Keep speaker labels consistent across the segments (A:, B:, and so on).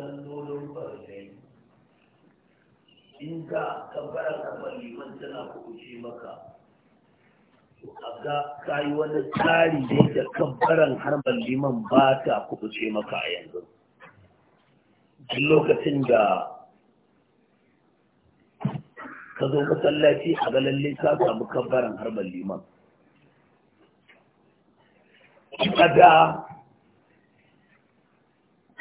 A: sallolin farkai in ka kabbara kamar liman tana kuɓuce maka a ga kayi wani tsari da yadda kabbaran harbar liman ba ta kuɓuce maka a yanzu duk lokacin da ka zo masallaci a ga lalle ka samu kabbaran harbar liman a da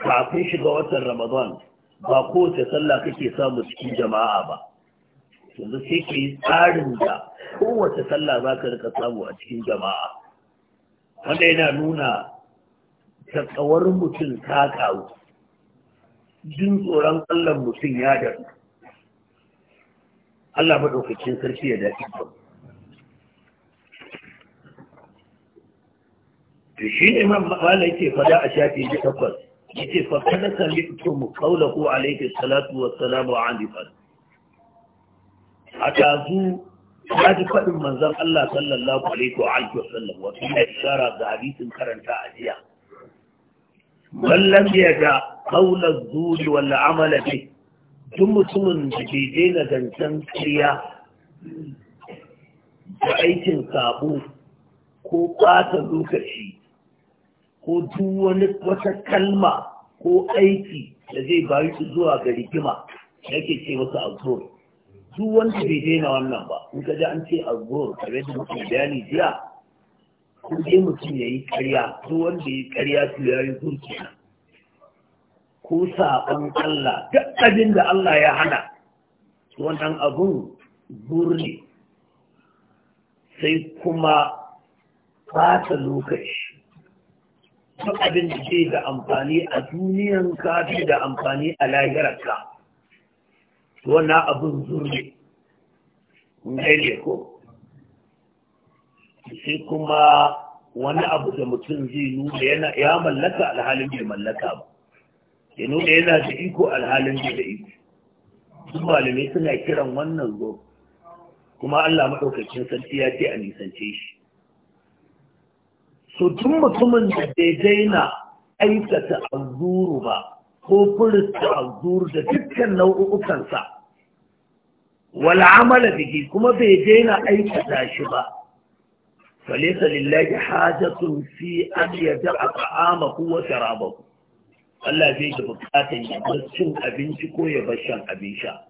A: kafin shiga watan ramadan ba kowace sallah kake samu cikin jama'a ba yanzu sai ke tsarin da kowace sallah za ka rika samu a cikin jama'a wanda yana nuna tsakawar mutum ta kawo jin tsoron allah mutum ya da allah maɗaukacin sarki ya daɗi ba shi ne man ma'ala yake fada a shafi takwas yace mu kada ko a alayhi salatu wa salamu a A tazu, ya ji faɗin manzon Allah sallallahu alaihi wa alihi wa sallam wa kuma ishara ga hadisin karanta a jiya man lam yaja qawla zuri wala amala bi duk mutumin da bai daina zancen kariya da aikin sabo ko ɓata lokaci ko duk wani wata kalma ko aiki da zai bayu su zuwa ga rigima yake ce wasu azur duk wanda bai daina wannan ba in ka ji an ce azur a da muke bayani jiya ko dai mutum ya yi karya duk wanda ya yi karya su ya yi zurki ko saɓon Allah duk abin da Allah ya hana wannan abun burne sai kuma fata lokaci duk abin da ke da amfani a duniyan ka fi da amfani a lahirarka wana abin zurri ne ko sai kuma wani abu da mutum zai nuna ya mallaka alhalin bai mallaka ba ya nuna yana da iko alhalin bai da iko sun malamai suna kiran wannan zo kuma Allah maɗaukacin sarki ya ce a nisance shi to tun mutumin da bai daina aikata azuru ba ko furta azuru da dukkan nau'ukansa wala amala bihi kuma bai daina aikata shi ba fi لله حاجة في a يدع طعامه وشرابه Allah zai da bukatan ya bar cin abinci ko ya bar shan abin sha.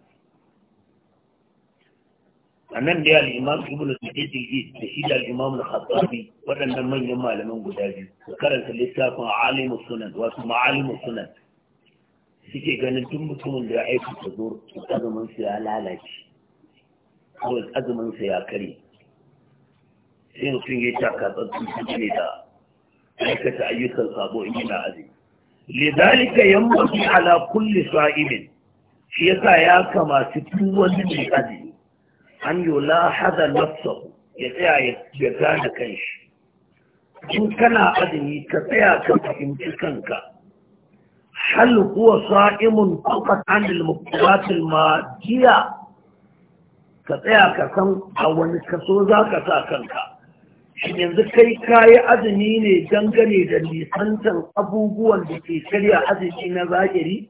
A: a nan da al'imam ibn al-Jadid da shi da al'imam al-Khattabi waɗannan manyan malaman guda biyu karanta littafin alimu sunan wasu ma'alimu sunan suke ganin tun mutumin da ya aiki ta zo azumin su ya lalace ko azumin su ya kare sai mutum ya taka tsantsan ne da aikata ayyukan sabo in yana azumi lidalika yamma ala kulli sa'imin shi yasa ya kamata duk wani mai azumi an yi lahaza nafsa ya tsaya ya gane kanshi in kana azumi ka tsaya ka fahimci kanka hal kuwa sa'imun faqat an al ma jiya ka tsaya ka san a wani kaso za ka sa kanka yanzu kai kayi azumi ne dangane da nisantan abubuwan da ke karya azumi na zahiri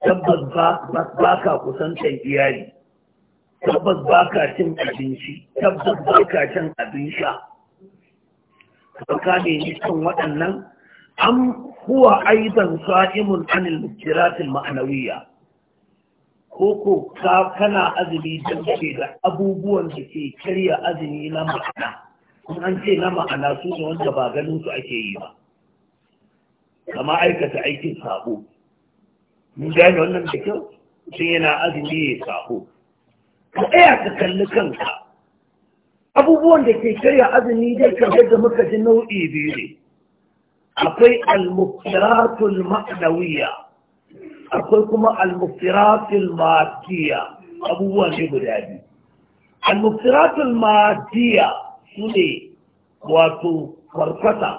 A: tabbas ba ka kusantar iyali tabbas ba ka cin abinci tabbas ba ka cin abin sha ka ni kan waɗannan an huwa aidan sa'imun anil mukiratil ma'anawiyya Ko ka kana azumi don ke da abubuwan da ke karya azumi na ma'ana kuma an ce na ma'ana su ne wanda ba ganin su ake yi ba kama aikata aikin sabo mun gane wannan da kyau sun yana azumi ya sabo ka tsaya ka kalli kanka abubuwan da ke karya azumi dai kan yadda muka ji nau'i biyu ne akwai almufiratul ma'nawiya. akwai kuma almufiratul ma'adiyya Abubuwan ne guda biyu almufiratul ma'adiyya su ne wato farfata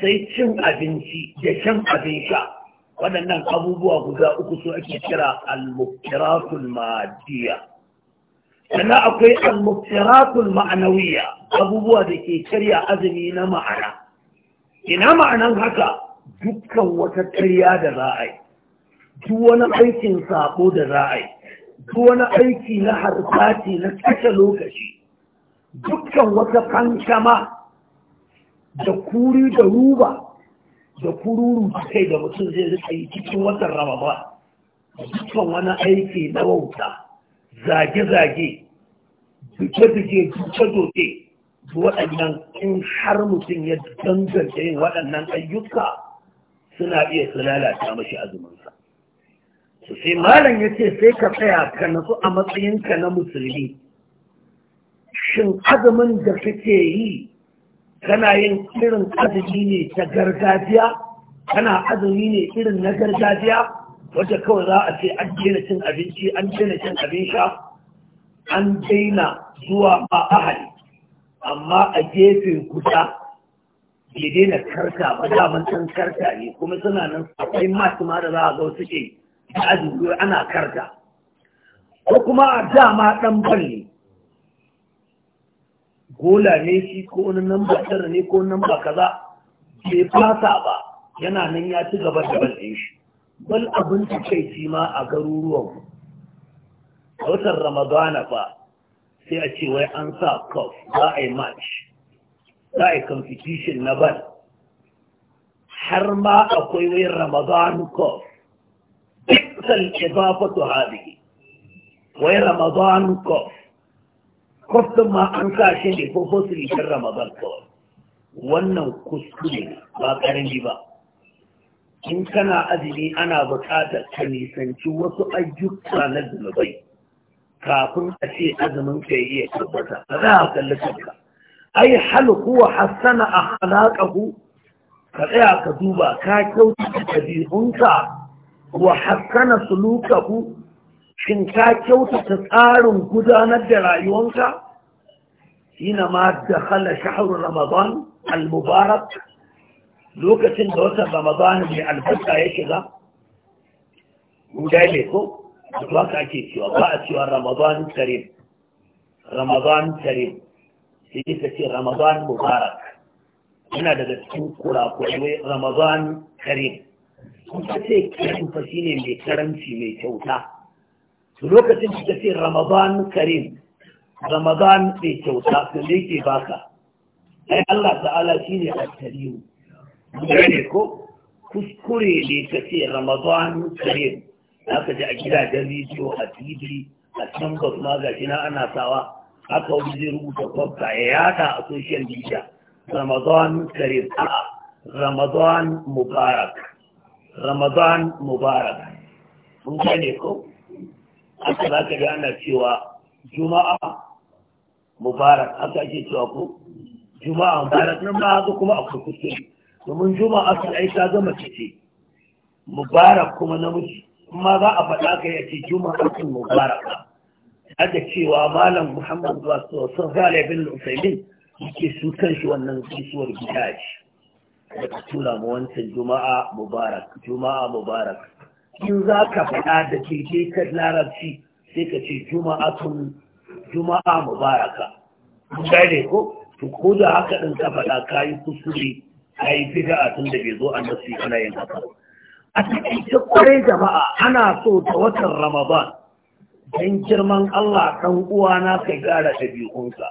A: sai cin abinci da shan abin sha waɗannan abubuwa guda uku su ake kira al-muftiratul ma'adiyya sannan akwai al-muftiratul ma'anawiyya abubuwa da ke karya azumi na ma'ana ina ma'anan haka dukkan wata karya da za a yi duk wani aikin sabo da za a yi duk wani aiki na harkati na kashe lokaci dukkan wata fankama da kuri da ruba da kururu a kai da mutum zai rika yi cikin watan ba dukkan wani aiki na wauta zage-zage duke-duke duke-duke waɗannan in har mutum ya danganta yin waɗannan ayyuka suna iya su lalata mashi azuminsa su sai malam ya ce sai ka tsaya ka nasu a matsayinka na musulmi shin azumin da kake yi kana yin irin azumi ne ta gargajiya kana azumi ne irin na gargajiya wacce kawai za a ce an daina cin abinci an daina cin abin sha an daina zuwa a ahali amma a gefe guda bai daina karta ba daman can karta ne kuma suna nan akwai masu ma da za a ga suke da azumi ana karta ko kuma a dama dan balle gola ne shi ko wani namba tara ne ko namba kaza ke fasa ba yana nan ya ci gaba da bal shi bal abin ta kai shi ma a garuruwan a watan ramadana ba sai a ce wai an sa cup za a yi match za a yi competition na bal har ma akwai wai ramadan cup duk sal idafatu hadi wai ramadan cup kwastan ma an sa shi ne ko fosili ramadan kawai wannan kuskure ba karami ba in kana azumi ana buƙatar ka nisanci wasu ayyuka na zunubai kafin a ce azumin ka yi iya tabbata ba za a kalli kanka ai hal huwa hassana akhlaqahu ka tsaya ka duba ka kyautata ɗabi'unka wa hassana sulukahu shin ka kyautata tsarin gudanar da rayuwanka hina ma da khala shahrul ramadan al-mubarak lokacin da watan ramadan mai albarka ya shiga guda ne ko to haka ake cewa ba a cewa ramadan karim ramadan karim sai ka ce ramadan mubarak yana daga cikin kurakurai ramadan karim kun ce karim fa shine mai karanci mai kyauta lokacin da ta ce ramadan karim ramadan mai kyauta to ne ke baka ai Allah ta'ala shi ne a tariyu ne ko kuskure ne ka ce ramadan karim aka ji a gidajen rediyo a tv a can ma ga shi na ana sawa aka wani zai rubuta kwabta ya yada a social media ramadan karim a ramadan mubarak ramadan mubarak mun gane ko aka za ka ana cewa juma'a mubarak aka ake cewa ko juma'a mubarak nan ba haka kuma a kurkuku domin juma'a sun ai ta gama ce mubarak kuma namiji kuma za a faɗa ka ce juma'a sun mubarak da cewa malam Muhammadu ba su sun zale bin usaimin yake su kan shi wannan gaisuwar gida ce da ka tura ma wancan juma'a mubarak juma'a mubarak in za ka faɗa da ke cece ka larabci sai ka ce juma'atun juma'a mubaraka ne ko to ko da haka ɗin ka faɗa ka yi kusuri ka yi a tun da bai zo an nasi ana yin haka a cikin kwarai jama'a ana so ta watan ramadan dan girman Allah na uwana ka gyara ɗabi'unka,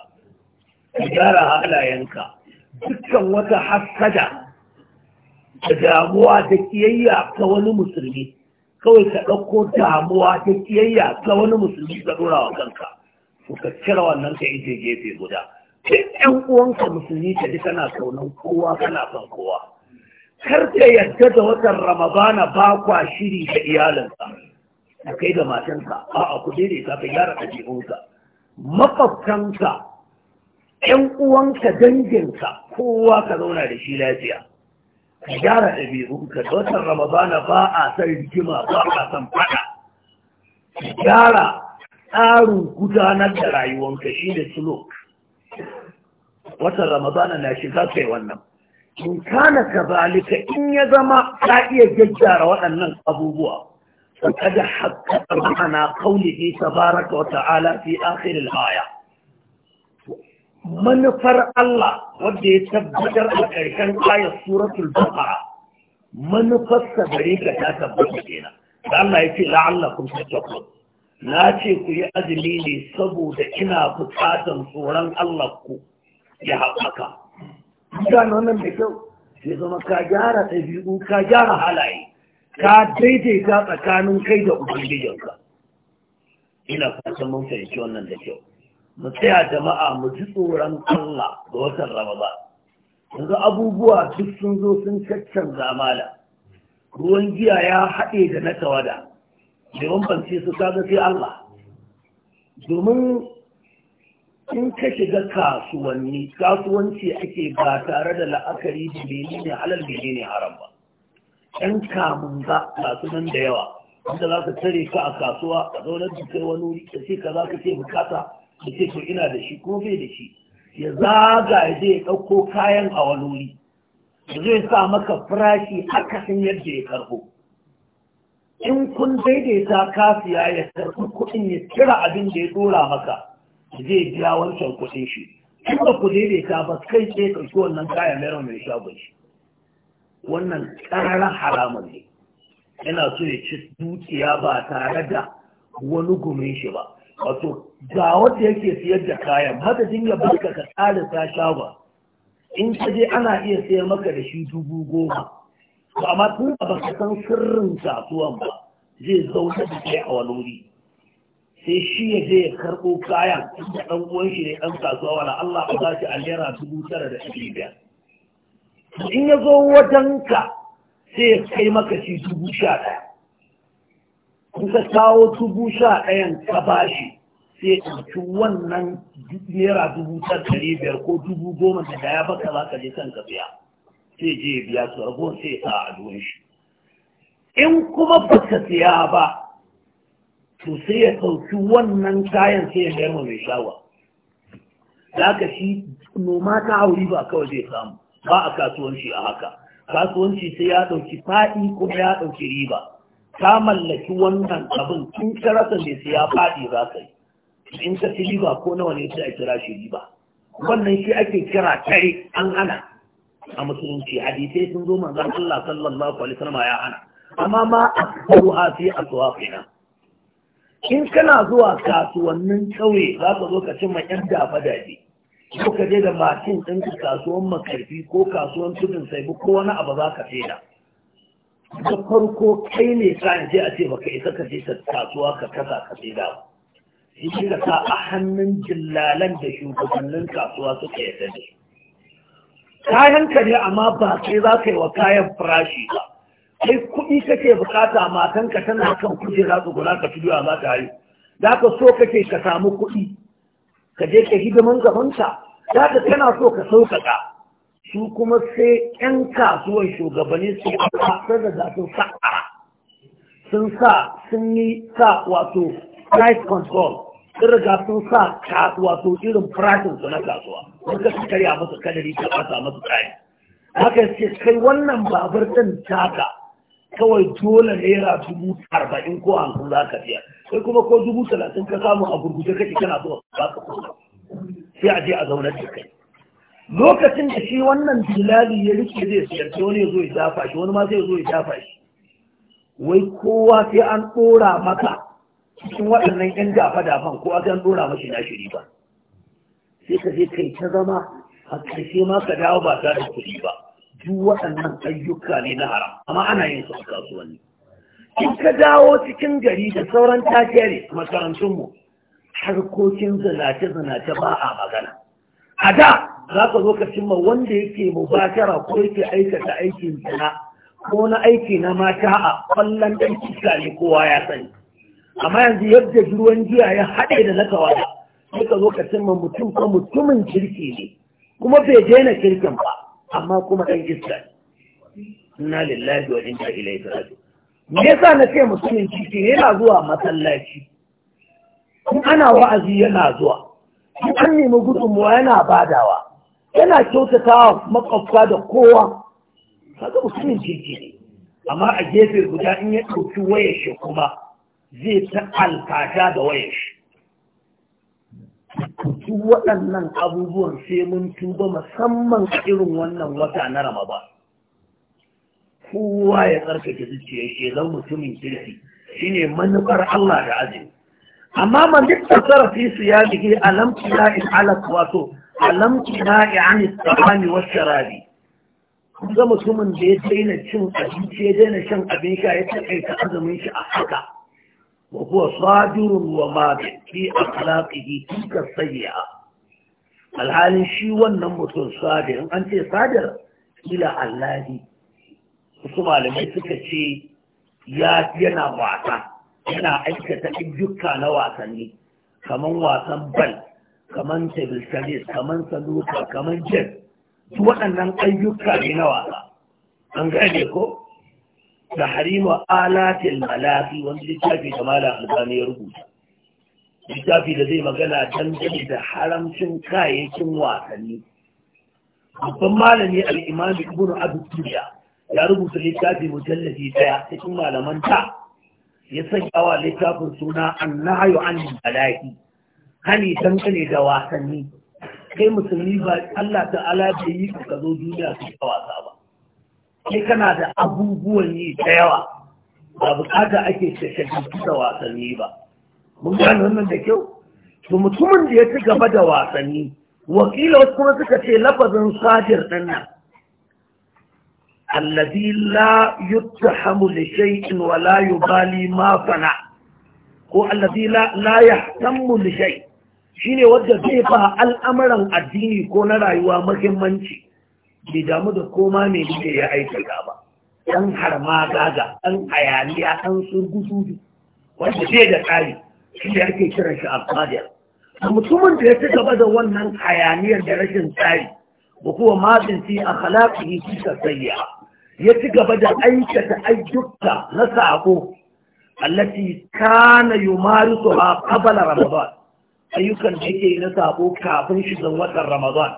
A: ka gyara halayenka, dukkan wata hassada da damuwa da kiyayya ta wani musulmi, kawai ka ɗauko damuwa ta kiyayya ga wani musulmi ka ɗora wa kanka to ka cire wannan ka ije gefe guda duk ƴan uwanka musulmi ka ji kana kaunan kowa kana son kowa kar ka yarda da watan ramadana ba kwa shiri da iyalinka da kai da matanka a'a ku daidaita ka ka ɗabi'unka makwabtanka ƴan uwanka danginka kowa ka zauna da shi lafiya ka gyara ɗabi'unka da watan ramadana ba a san gima ba a san fada
B: ka gyara
A: tsarin gudanar da rayuwanka shi da sulok watan ramadana na shiga kai wannan in kana ka zalika in ya zama ka iya gyaggyara waɗannan abubuwa فقد حقق معنى قوله تبارك وتعالى fi آخر haya. manufar Allah wadda ya tabbatar a ƙarshen ayar suratul baqara manufarsa gare ka ta tabbata kenan da Allah ya ce la'allakum tattaqun na ce ku yi azumi ne saboda ina buƙatar tsoron Allah ku ya haɓaka gano wannan da kyau sai zama ka gyara ɗabi'u ka gyara halaye ka daidaita tsakanin kai da ubangijinka ina fatan mun fahimci wannan da kyau mu tsaya jama'a mu ji tsoron Allah ga watan ba yanzu abubuwa duk sun zo sun caccan zamala ruwan giya ya haɗe da na tawada domin ban ce su kaga sai Allah domin in ka shiga kasuwanni kasuwanci ake ba tare da la'akari da menene halal menene haram ba
B: ɗan kamun ba
A: masu nan da yawa wanda za ka tare ka a kasuwa ka zaunar da kai wani wuri ka ce ka za ka ce bukata ce to ina da shi ko bai da shi ya zaga ya je ya ɗauko kayan a waluri zai sa maka farashi sun yadda ya karɓo in kun daidaita kafiya ya karɓi kuɗin ya kira abin da ya ɗora maka zai biya wancan kuɗin shi in ba ku daidaita ba kai sai ɗauki wannan kayan mayar mai shagon shi wannan ƙararar haramun ne yana so ya ci dukiya ba tare da wani gumin shi ba wato ga wanda yake siyar da kayan haka ya barka ka ta shagon in ka je ana iya sayar maka da shi dubu goma to amma tun da baka san sirrin kasuwan ba zai zauna da kai a wani wuri sai shi ya je ya karɓo kayan da ɗan uwan shi ne ɗan kasuwa wala Allah ba za shi a naira dubu tara da ɗari biyar in ya zo wajenka sai ya kai maka shi dubu sha ɗaya kusa kawo dubu sha ɗayan ka bashi sai ɗauki wannan naira dubu ta ɗari biyar ko dubu goma da ya baka za ka je kan ka biya sai je biya su rago sai sa a duwan shi in kuma ba ka siya ba to sai ya ɗauki wannan kayan sai ya gayar mai shawa za ka shi noma ta hauri ba kawai zai samu ba a kasuwanci a haka kasuwanci sai ya ɗauki faɗi kuma ya ɗauki riba ka mallaki wannan abin tun karasa mai sai ya faɗi za ka yi in ka ci riba ko nawa ne sai a kira shi riba wannan shi ake kira kai an ana a musulunci hadisai sun zo manzon Allah sallallahu alaihi wasallam ya hana amma ma akbaru ha fi aswaqina in kana zuwa kasuwannin kauye za ka zo ka cimma yan dafa daji ko ka je da mashin ɗinka kasuwan makarfi ko kasuwan tudun sai ko wani abu za ka da. da farko kai ne ka je a ce baka isa ka je ta kasuwa ka kasa ka sai da shi da sa a hannun jillalan da shugabannin kasuwa suka yi da kayan ka ne amma ba sai za ka yi wa kayan farashi ba kai kuɗi kake bukata ka tana kan kujera gura ka tuduwa za ta yi za ka so kake ka samu kuɗi ka je ka hidiman gabanka za ka tana so ka sauƙaƙa su kuma sai 'yan kasuwan shugabanni su kasar da za su sa'ara sun sa sun yi sa wato price control sun riga sun sa wato irin farashin su na kasuwa wanda su karya masu kadari ta kasa masu kayan haka ce kai wannan babur din taka kawai dole naira dubu arba'in ko hamsin za ka biya sai kuma ko dubu talatin ka samu a gurguje kake kana zuwa ba ka kusa, sai a je a zaunar da kai lokacin da shi wannan bilali ya rike zai siyarci wani ya zo ya dafa shi wani ma zai zo ya dafa shi wai kowa sai an ɗora maka cikin waɗannan ‘yan dafa-dafan ko an ɗora mashi na shiri ba sai ka je kai ta zama a ƙarshe ma ka dawo ba ta da kuɗi ba duk waɗannan ayyuka ne na haram amma ana yin su a kasuwanni in ka dawo cikin gari da sauran a makarantunmu harkokin zinace-zinace ba a magana a da za ka zo ka cimma wanda yake mubashara ko yake aikata aikin sana ko na aiki na mata a kwallon ɗan kisa ne kowa ya sani amma yanzu yadda ruwan jiya ya haɗe da na kawada sai ka zo ka cimma mutum ko mutumin kirki ne kuma bai daina kirkin ba amma kuma ɗan kisa ne na lillahi wa inna ilaihi raji'un me yasa na ce mutumin kirki yana zuwa masallaci in ana wa'azi yana zuwa in an nemi gudunmuwa yana badawa yana kyautata makwabta da kowa kaga mutumin kirki amma a gefe guda in ya ɗauki wayar shi kuma zai ta alfata da wayar shi su waɗannan abubuwan sai mun tuba musamman irin wannan wata na ba. kowa ya tsarkake zuciya shi zan mutumin kirki shine manufar Allah da azumi amma man duk su ya jige alam ila wato alamtina yani tsamani wasu rabi ga mutumin da ya daina cin abinci ya daina shan abin sha ya taƙaita azumin shi a haka wa huwa sadiru wa ma fi akhlaqihi tilka sayyi'a alhalin shi wannan mutum sadir an ce sadir ila allahi wasu malamai suka ce ya yana wasa yana aikata ayyuka na wasanni kamar wasan bal kaman table kaman saluka kaman jet su waɗannan ayyuka ne na wasa an gane ko da harima alatil malafi wani littafi da malam albani ya rubuta littafi da zai magana dangane da haramcin kayayyakin wasanni babban malami al'imam ibnu abdullah ya rubuta littafi mujallafi daya cikin malaman ta ya sanya wa littafin suna annahyu an Malafi. hani dangane da wasanni kai musulmi ba Allah ta'ala da yi ka zo duniya su ka wasa ba kai kana da abubuwan yi da yawa ba bukata ake shagaltu da wasanni ba mun gane wannan da kyau to mutumin da ya ci gaba da wasanni wakila wasu kuma suka ce lafazin sajir ɗin nan allazi la yuttahamu li shay'in wa la yubali ma fana ko allazi la yahtammu li shay'in shine wadda zai ba al'amuran addini ko na rayuwa mahimmanci, bai damu da koma mai duke ya aikata ba ɗan harma gaga ɗan hayaniya ɗan surgudu wanda zai da tsari shi ne ake kiran shi alfadiyar mutumin da ya ci gaba da wannan hayaniyar da rashin tsari ba kuwa matsin a halaƙi fi sayya ya ci gaba da aikata ayyuka na sako allati kana yumarisu ha qabala ramadan ayyukan da yake na sabo kafin shigan watan ramadan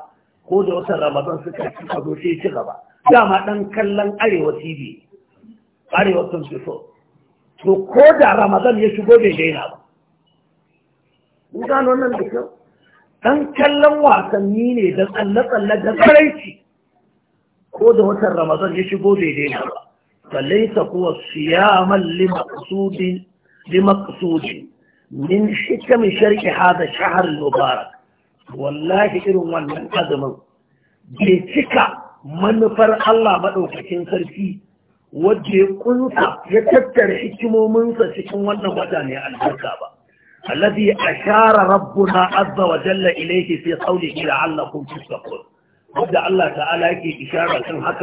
A: ko da watan ramadan suka ci a zo ci gaba dama dan kallon arewa tv arewa sun fi so to ko da ramadan ya shigo bai daina ba mun gano wannan da kyau dan kallon wasanni ne da tsalle-tsalle da tsaraici ko da watan ramadan ya shigo bai daina ba falaita kuwa siyaman limaqsudin limaqsudin min hikamin sharki hada shahar mubarak wallahi irin wannan azumin bai cika manufar Allah maɗaukacin sarki wadda ya tattara hikimominsa cikin wannan wata ne albarka ba alladhi ashara rabbuna azza wa jalla ilayhi fi qawlihi la'allakum tattaqun wanda Allah ta'ala yake ishara kan haka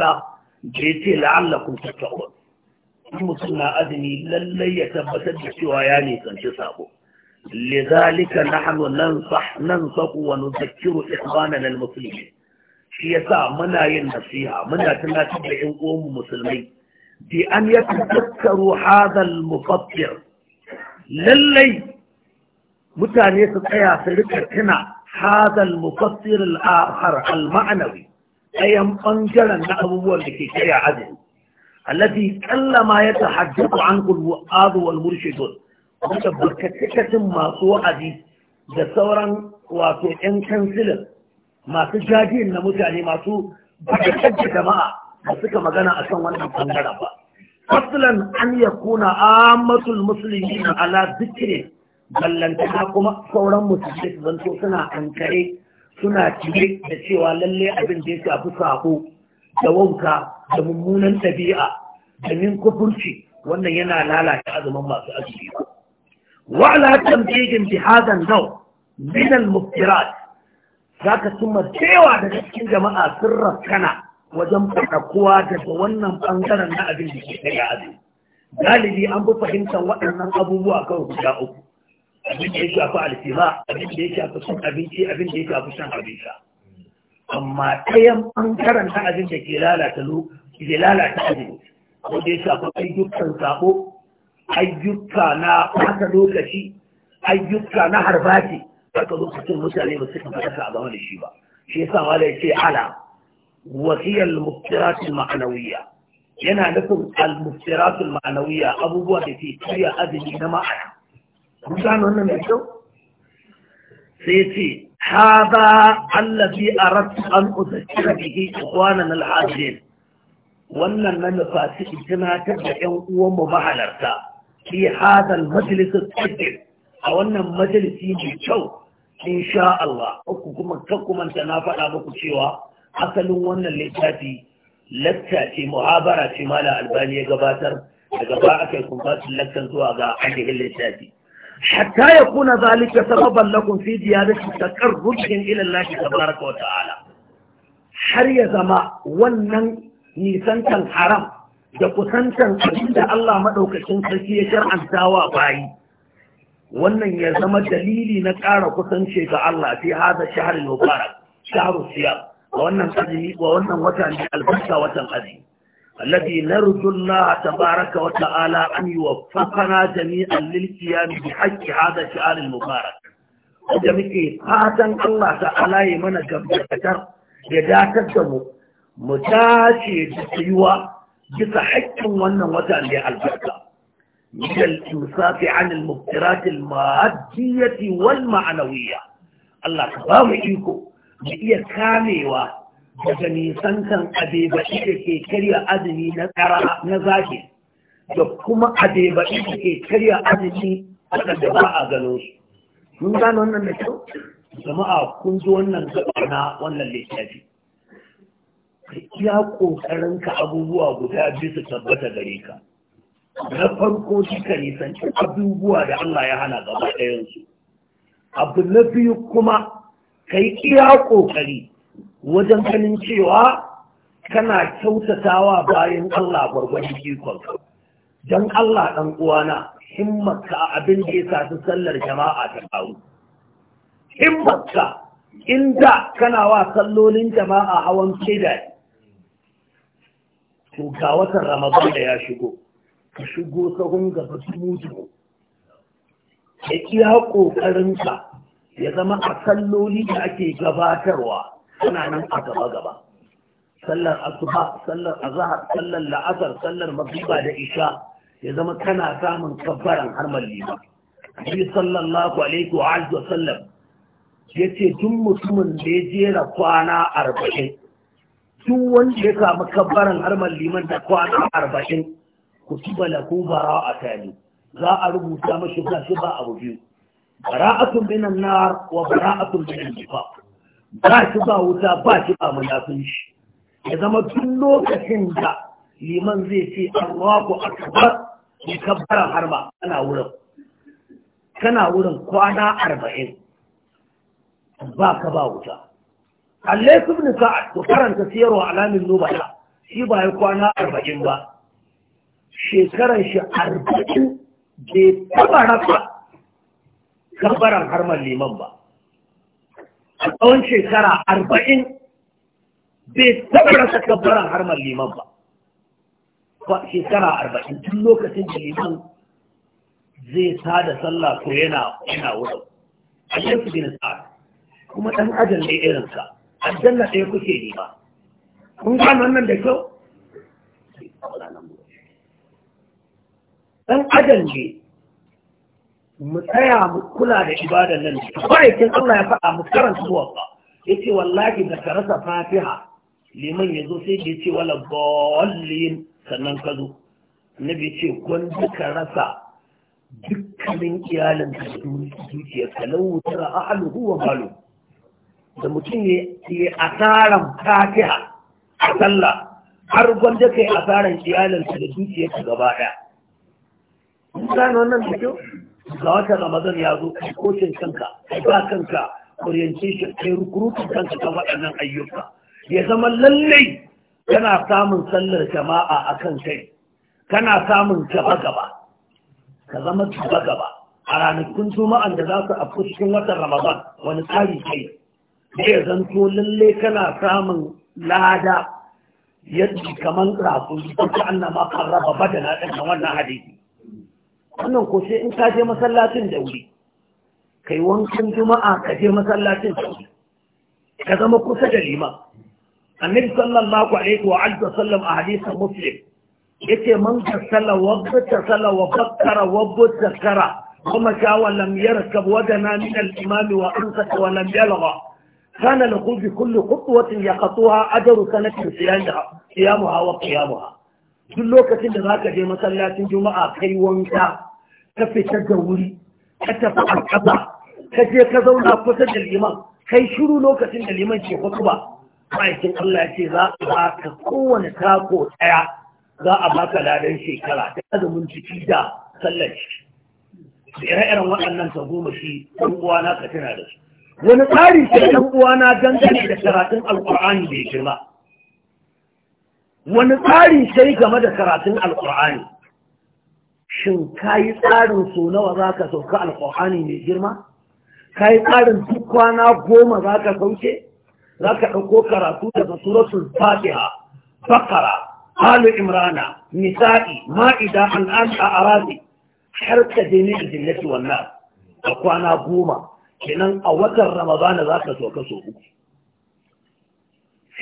A: da yace la'allakum tattaqun mutum na azumi lallai ya tabbatar da cewa ya ne kanci sabo لذلك نحن ننصح ننصح ونذكر إخواننا المسلمين في يسا منا ينصيها منا تناسب أم مسلمين بأن يتذكروا هذا المفكر للي متاني تطيع هنا هذا المفكر الآخر المعنوي أي أنجل النأبو الذي كي عدل الذي كل ما يتحدث عنه الوآذ والمرشدون wanda barkacin masu wa'azi da sauran wato 'yan kansilin masu jajiyin na mutane masu barkatar da jama'a da suka magana a kan wannan bangaren ba. Fasilan an ya kuna amatul musulmi na ala zikire ballantana kuma sauran musulmi su zanto suna ankare suna cire da cewa lalle abin da ya shafi sako da wanka da mummunan ɗabi'a da min kufurci wannan yana lalata azumin masu azumi ba. وعلى تمجيد بهذا النوع من المفترات ذاك ثم تيوى دكتين جماعة سر كنا وجم تقوى تتوانا بأنجر النأبين بكتير عزيز galibi an fi fahimtar waɗannan abubuwa kawai guda uku abin da ya shafi alfima abin da ya shafi cin abinci abin da ya shafi shan abinci amma tayan ɓangaren na abin da ke lalata lu ke lalata abin ko da sabo ayyuka na ɓata lokaci ayyuka na harbaci aka lokacin mutane ba suka faɗaka a game da shi ba shi yasa wala ya ce ala wasiyar muftiratul ma'anawiyya yana nufin al-muftiratul ma'anawiyya abubuwa da ke kariya azumi na ma'ana kun gano wannan da kyau sai ya ce هذا الذي أردت أن أذكر به إخواننا العاجلين wannan na nufaci tunatar da uwan mu mahalarta fi hadal majalisar tsibir a wannan majalisi mai kyau insha Allah uku kuma na faɗa maku cewa asalin wannan littafi lakta ce muhabara ce mala albani ya gabatar daga ba aka yi kumfasin zuwa ga ainihin littafi hatta ya kuna zalika sababan lakum fi ziyadati taqarrubin ila Allah tabaraka wa ta'ala har ya zama wannan nisan kan haram da kusantan da Allah maɗaukacin sarki ya wa bayi wannan ya zama dalili na ƙara kusance ga Allah fi hada shahrul mubarak shahrus siyam wa wannan azumi wa wannan wata ne albarka watan azumi الذي نرجو الله تبارك وتعالى أن يوفقنا جميعا للقيام بحق هذا الشعار المبارك وجميعا فاتن الله تعالى يمنى قبل الفتر mu دمو da تسيوى bisa hakkin wannan wata ne albarka. Mijal Tusa fi an al-muftiratil ma'adiyyati wal ma'anawiyya. Allah ka ba iko mu iya kamewa daga nisan kan adebaɗi ke karya azumi na tsara zaki da kuma adebaɗi da ke karya azumi a da ba a gano su. Mun gano wannan da kyau? Jama'a kun ji wannan gaba na wannan littafi. ya ƙoƙarin ka abubuwa guda biyu su tabbata gare ka na farko shi ka nisanci abubuwa da Allah ya hana gaba ɗayansu abu na biyu kuma ka yi iya ƙoƙari wajen ganin cewa kana kyautatawa bayan Allah gwargwadon ikonka don Allah ɗan uwana a abin da ya sa sallar jama'a ta ƙaru himmatka inda kana wa sallolin jama'a hawan da to ga watan ramadan da ya shigo ka shigo sahun gaba tutu ya iya ƙoƙarinka ya zama a salloli da ake gabatarwa suna nan a gaba-gaba sallar asuba sallar azahar sallar la'asar sallar magriba da isha ya zama kana samun kabbaran har mallima bi sallallahu alaihi wa sallam yace tun mutumin da ya jera kwana arba'in duk wanda ya samu kabbaran harmar liman da kwana arba'in ku ci bala lahu bara a tani za a rubuta mashi ba shi ba abu biyu bara'atun minan nar wa bara'atun minan jifa ba shi ba wuta ba shi ba shi ya zama duk lokacin da liman zai ce Allahu akbar ki kabbaran harma kana wurin kana wurin kwana arba'in ba ka ba wuta allai su bin sa'ad ku karanta siyarwa alamin nubala shi ba ya kwana arba'in ba shekaran shi arba'in bai taba rasa gabaran harmar liman ba a tsawon shekara arba'in bai taba rasa gabaran harmar liman ba ba shekara arba'in tun lokacin da liman zai sada sallah ko yana yana wurin a yansu bin sa'ad kuma ɗan ajal ne irinsa aljanna ɗaya kuke ne ba kun gano wannan da kyau dan adam ne mu tsaya mu kula da ibadan nan kin Allah ya faɗa mu karanta zuwa ba yace wallahi da karasa fatiha liman yazo sai da ce wala dallin sannan ka zo annabi ce gwanda ka rasa dukkanin iyalin da zuciyarka lau tara ahluhu huwa maluhu da mutum ya asaran fatiha a sallah har gwanda kai asaran iyalinsa da dukiyarsa gaba ɗaya. Mun gane wannan da kyau? Ga watan Ramadan ya zo, a kocin kanka, a ba kanka, orientation, kai rukurutun kanka kan waɗannan ayyuka. Ya zama lallai kana samun sallar jama'a a kan kai, kana samun gaba-gaba, ka zama gaba-gaba. A ranakun juma'an da za su afku cikin watan Ramadan wani tsari kai, zai zanto lalle kana samun lada yadda kaman rafu ta ta annama kan raba badana ɗin kan wannan hadisi wannan ko sai in ka je masallacin da wuri kai wankan juma'a ka je masallacin da wuri ka zama kusa da lima annabi sallallahu alaihi wa alihi wasallam a hadisin muslim yace man tasalla wa tasalla wa fakkara wa butakara kuma shawa lam yarkab wadana min al-imam wa ansaka wa lam yalgha كان له بكل خطوة يخطوها أجر سنة صيامها وقيامها duk lokacin da za ka je masallacin juma'a kai wanka ka fita da wuri tafi a ƙasa ka je ka zauna kusa da liman kai shiru lokacin da liman ke kusa ba ma'aikin Allah ce za a baka kowane tako ɗaya za a baka ladan shekara ta azumin ciki da sallar ciki da ire-iren waɗannan tagomashi ɗan uwa na ka tana da su wani tsari ke ɗan uwana dangane da karatun alƙur'ani da ya girma wani tsari sai game da karatun alƙur'ani shin ka yi tsarin so nawa za ka sauka alƙur'ani mai girma ka yi tsarin duk kwana goma za ka sauke za ka ɗauko karatu daga suratul fatiha bakara halu imrana nisa'i ma'ida an an a arabi har ka je ne a jannati wannan a kwana goma kenan a watan ramadana za ka sauka so uku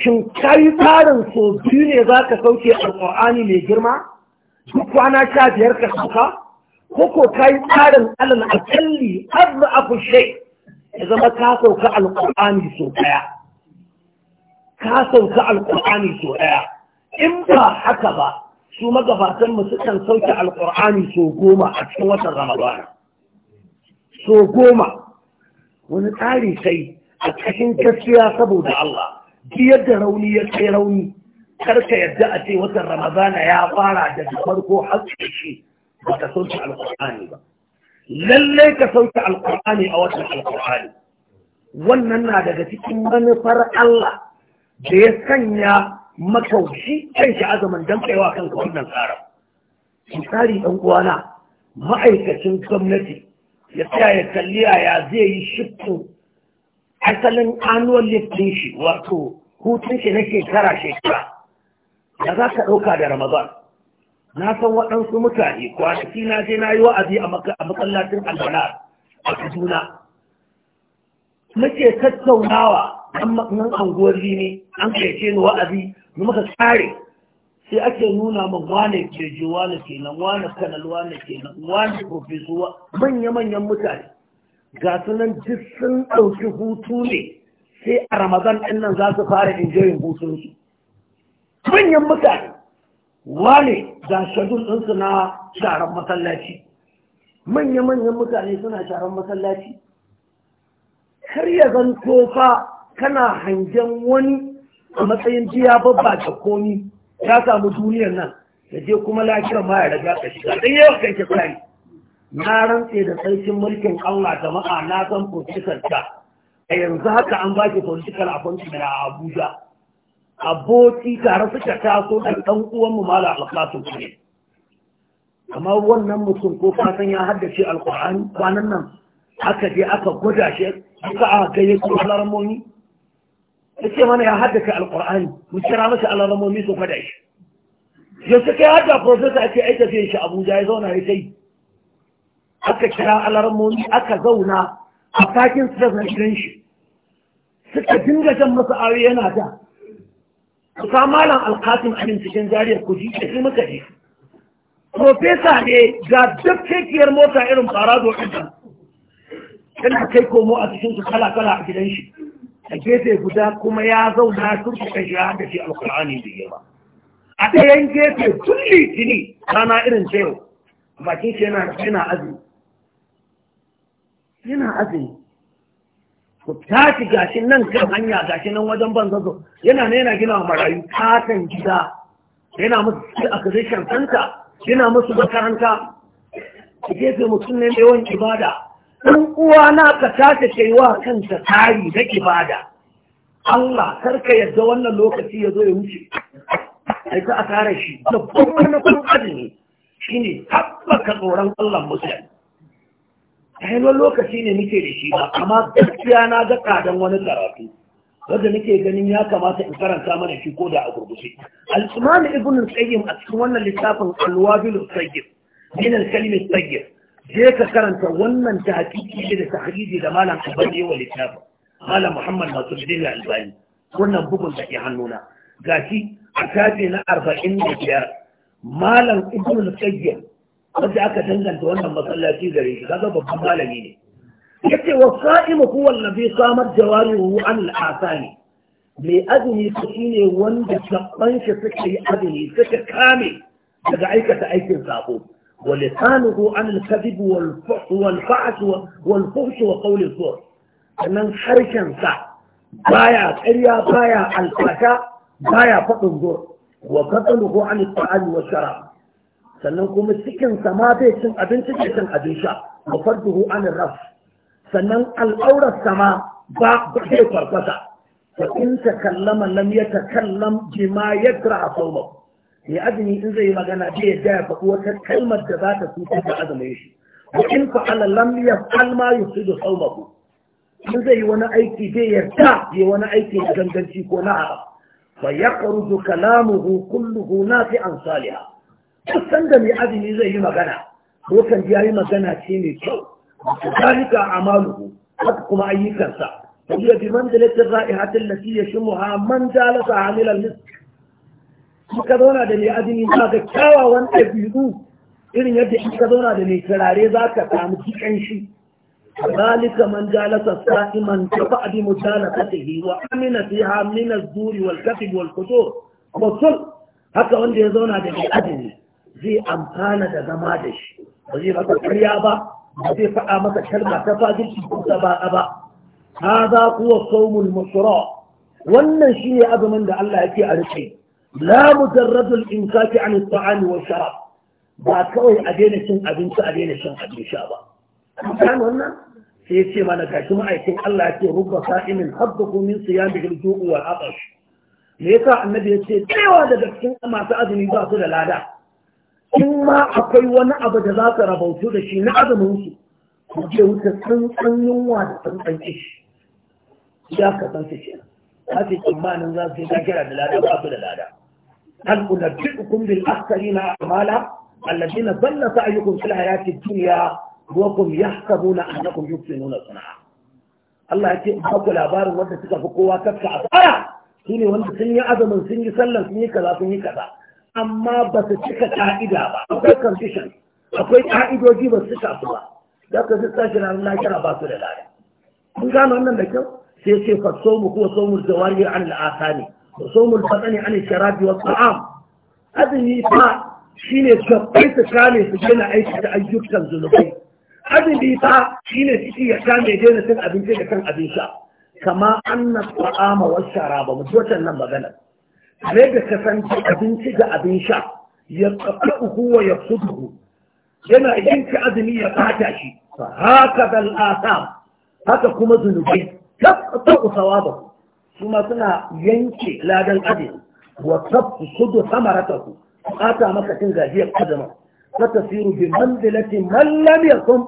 A: shin kayi tsarin so biyu ne za ka sauke alƙur'ani mai girma duk kwana sha biyar ka sauka ko ko kayi tsarin alal akalli arzu abu shai ya zama ka sauka alƙur'ani so ɗaya ka sauka alƙur'ani so ɗaya in ba haka ba su magabatan mu sukan sauke alƙur'ani so goma a cikin watan ramadana so goma wani tsari sai a cikin gaskiya saboda Allah ji yadda rauni ya kai rauni karka yadda a ce watan ramadana ya fara da farko har ƙarshe ba ka sauke alƙur'ani ba lallai ka sauke alƙur'ani a watan alƙur'ani wannan na daga cikin manufar Allah da ya sanya makauci kanshi azaman dan kaiwa kanka wannan tsara. Misali ɗan uwana ma'aikacin gwamnati ya tsaya ya kalli ya zai yi shiftu asalin annual leave shi wato hutun shi na shekara shekara da za ka ɗauka da ramadan na san waɗansu mutane kwanaki na je na yi wa'azi a masallacin albana a kaduna muke tattaunawa nan anguwar jini an kai ce ni wa'azi mu muka kare sai ake nuna ma wane keji wane kenan wane kanal wane kenan wane profesuwa manya-manyan mutane ga sunan duk sun ɗauki hutu ne sai a ramadan ɗin nan za su fara injiyoyin hutunsu manyan mutane wane ga shadun ɗinsu na sharan masallaci manya-manyan mutane suna sharan masallaci Har ya zan tofa kana hangen wani a matsayin jiya babba da komi ya samu duniyar nan da je kuma lafiyar ma ya raga ka shiga dan yau kan ki tsari na rantse da sarkin mulkin Allah jama'a na san political ta a yanzu haka an ba ki political appointment a Abuja aboki tare suka taso da uwanmu uwan mu mala alqasim ne amma wannan mutum ko fatan ya haddace alqur'ani kwanan nan aka je aka gwada shi a ga yake alarmomi إسمانة هادك على القرآن وشرامك على رموميس وفدعش يسكي هادا بروسيسة أكي أيتا في إنشاء أبو جايزونا يسي أكا شراء على رموميس أكا زونا أفاكين سرزنا شرينش سكي دنجة جمع سعرينا دا سامالا القاسم أمين سكين زاري الكوجي إسلم كجي بروسيسة لي جاد دبكي كير موتا إرم قراد وحبا إنها كيكو مؤسسون سكلا كلا عكي دنشي a gefe guda kuma ya zauna sun kuka shi haka shi alkur'ani da yawa a ɗayan gefe tun litini rana irin ta yau bakin shi yana yana azumi yana azumi ku tashi gashi nan kan hanya gashi nan wajen ban zazo yana ne yana gina wa marayu katon gida yana musu acquisition center yana musu makaranta a gefe mutum ne mai yawan ibada ɗan uwana ka tashi kaiwa kanta tari na ibada Allah karka yadda wannan lokaci ya zo ya wuce ai a asara shi da kuma na kun azumi ne tabbaka tsoron Allah musulmi ai wani lokaci ne nake da shi ba amma gaskiya na ga kadan wani karatu wanda nake ganin ya kamata in karanta mana shi ko da a gurgushe al-Imam Ibn al a cikin wannan littafin Al-Wabil al min al-Kalim je ka karanta wannan tahqiqi da tahriji da malam Albani wa littafi malam Muhammad Nasiruddin Albani wannan bugun da ke hannuna gashi a tafi na 45 malam Ibn al-Qayyim wanda aka danganta wannan masallaci da shi kaga babban malami ne yace wa sa'imu huwa alladhi samar jawarihu an al-asani mai azumi su shine wanda gaban shi suka yi azumi suka kame daga aikata aikin sabo ولسانه عن الكذب والفحش والفحش وقول الفحش sannan harshensa baya ƙarya baya alfasha ya faɗin zur wa katsaluhu an ta'ali wa shara sannan kuma cikinsa ma bai cin abinci ke cin abin sha wa farduhu an raf sannan al'aurarsa ma ba zai farfasa fa in takallama lam ya bima a sawmahu ya azumi in zai yi magana bai yadda ya faɗi wata kalmar da za ta cutar da azumin shi wa in fa'ala lam yaf'al ma da sawmahu in zai yi wani aiki bai yarda ya wani aiki na ganganci ko na haram fa da kalamuhu kulluhu nafi'an salihah duk sanda mai azumi zai yi magana Rokan ya yi magana ce mai kyau, zalika amaluhu haka kuma ayyukansa. Wani da biman da latin ra'ihatin lati ya shi muhamman man jalasa hamilar misk ka zauna da mai azumi ba ga kyawawan ɗabi'u irin yadda in ka zauna da mai turare za ka samu cikin shi zalika man jalasa sa'iman ta fa'adi mujalaqatihi wa amina fiha min zuri wal kadhib wal futur haka wanda ya zauna da mai azumi zai amfana da zama da shi ba zai masa ƙarya ba ba zai faɗa masa kalma ta fajirci ko ta ba ba hadha huwa sawmul musra wannan shine azumin da Allah yake a rike la mujarradul inkaki an ta'ani wa sharab ba kawai a daina cin abinci a daina shan abin sha ba kan wannan sai ya ce mana gashi ma'aikin Allah ya ce rubba sa'imin haddaku min ya ju'u wal atash me yasa annabi ya ce tsewa daga cikin masu azumi ba su da lada in ma akwai wani abu da za ka rabautu da shi na azumin su ku je wuta tsantsan yunwa da tsantsan kishi ya ka san su ce ka ce tsammanin za su yi kira da lada ba su da lada هل أنبئكم بالأخسرين أعمالا الذين ضل سعيكم في الحياة الدنيا وكم يحسبون أنكم يحسنون صنعا Allah ya ce in haku labarin wanda suka fi kowa tafka a tsara su wanda sun yi azumin sun yi sallan sun yi kaza sun yi kaza amma ba su cika ka'ida ba akwai condition akwai ka'idoji ba su cika su ba da ka sun tashi ranar lahira ba su da lada kun wannan da kyau sai ce fa somu ko somu zawari an وصوم البطن عن يعني الشراب والطعام هذه إيفاء حين تشبيت كامل تجينا أي تأيوب كان ذنبي هذه الإيفاء حين تشبيت كامل تجينا سن أبن تجينا سن أبن شاء كما أن الطعام والشراب مدوة النمبر غلب ليك كسن أبن تجا أبن شاء يتقطعه ويبصده جنا إذن كأذنية تحتاشي فهكذا الآثام هكذا كما ذنبي تقطع ثوابه su ma suna yanke ladan azumi wa sabtu sudu Ku ata maka cin gajiyar azama fa tasiru bi manzilati man lam sun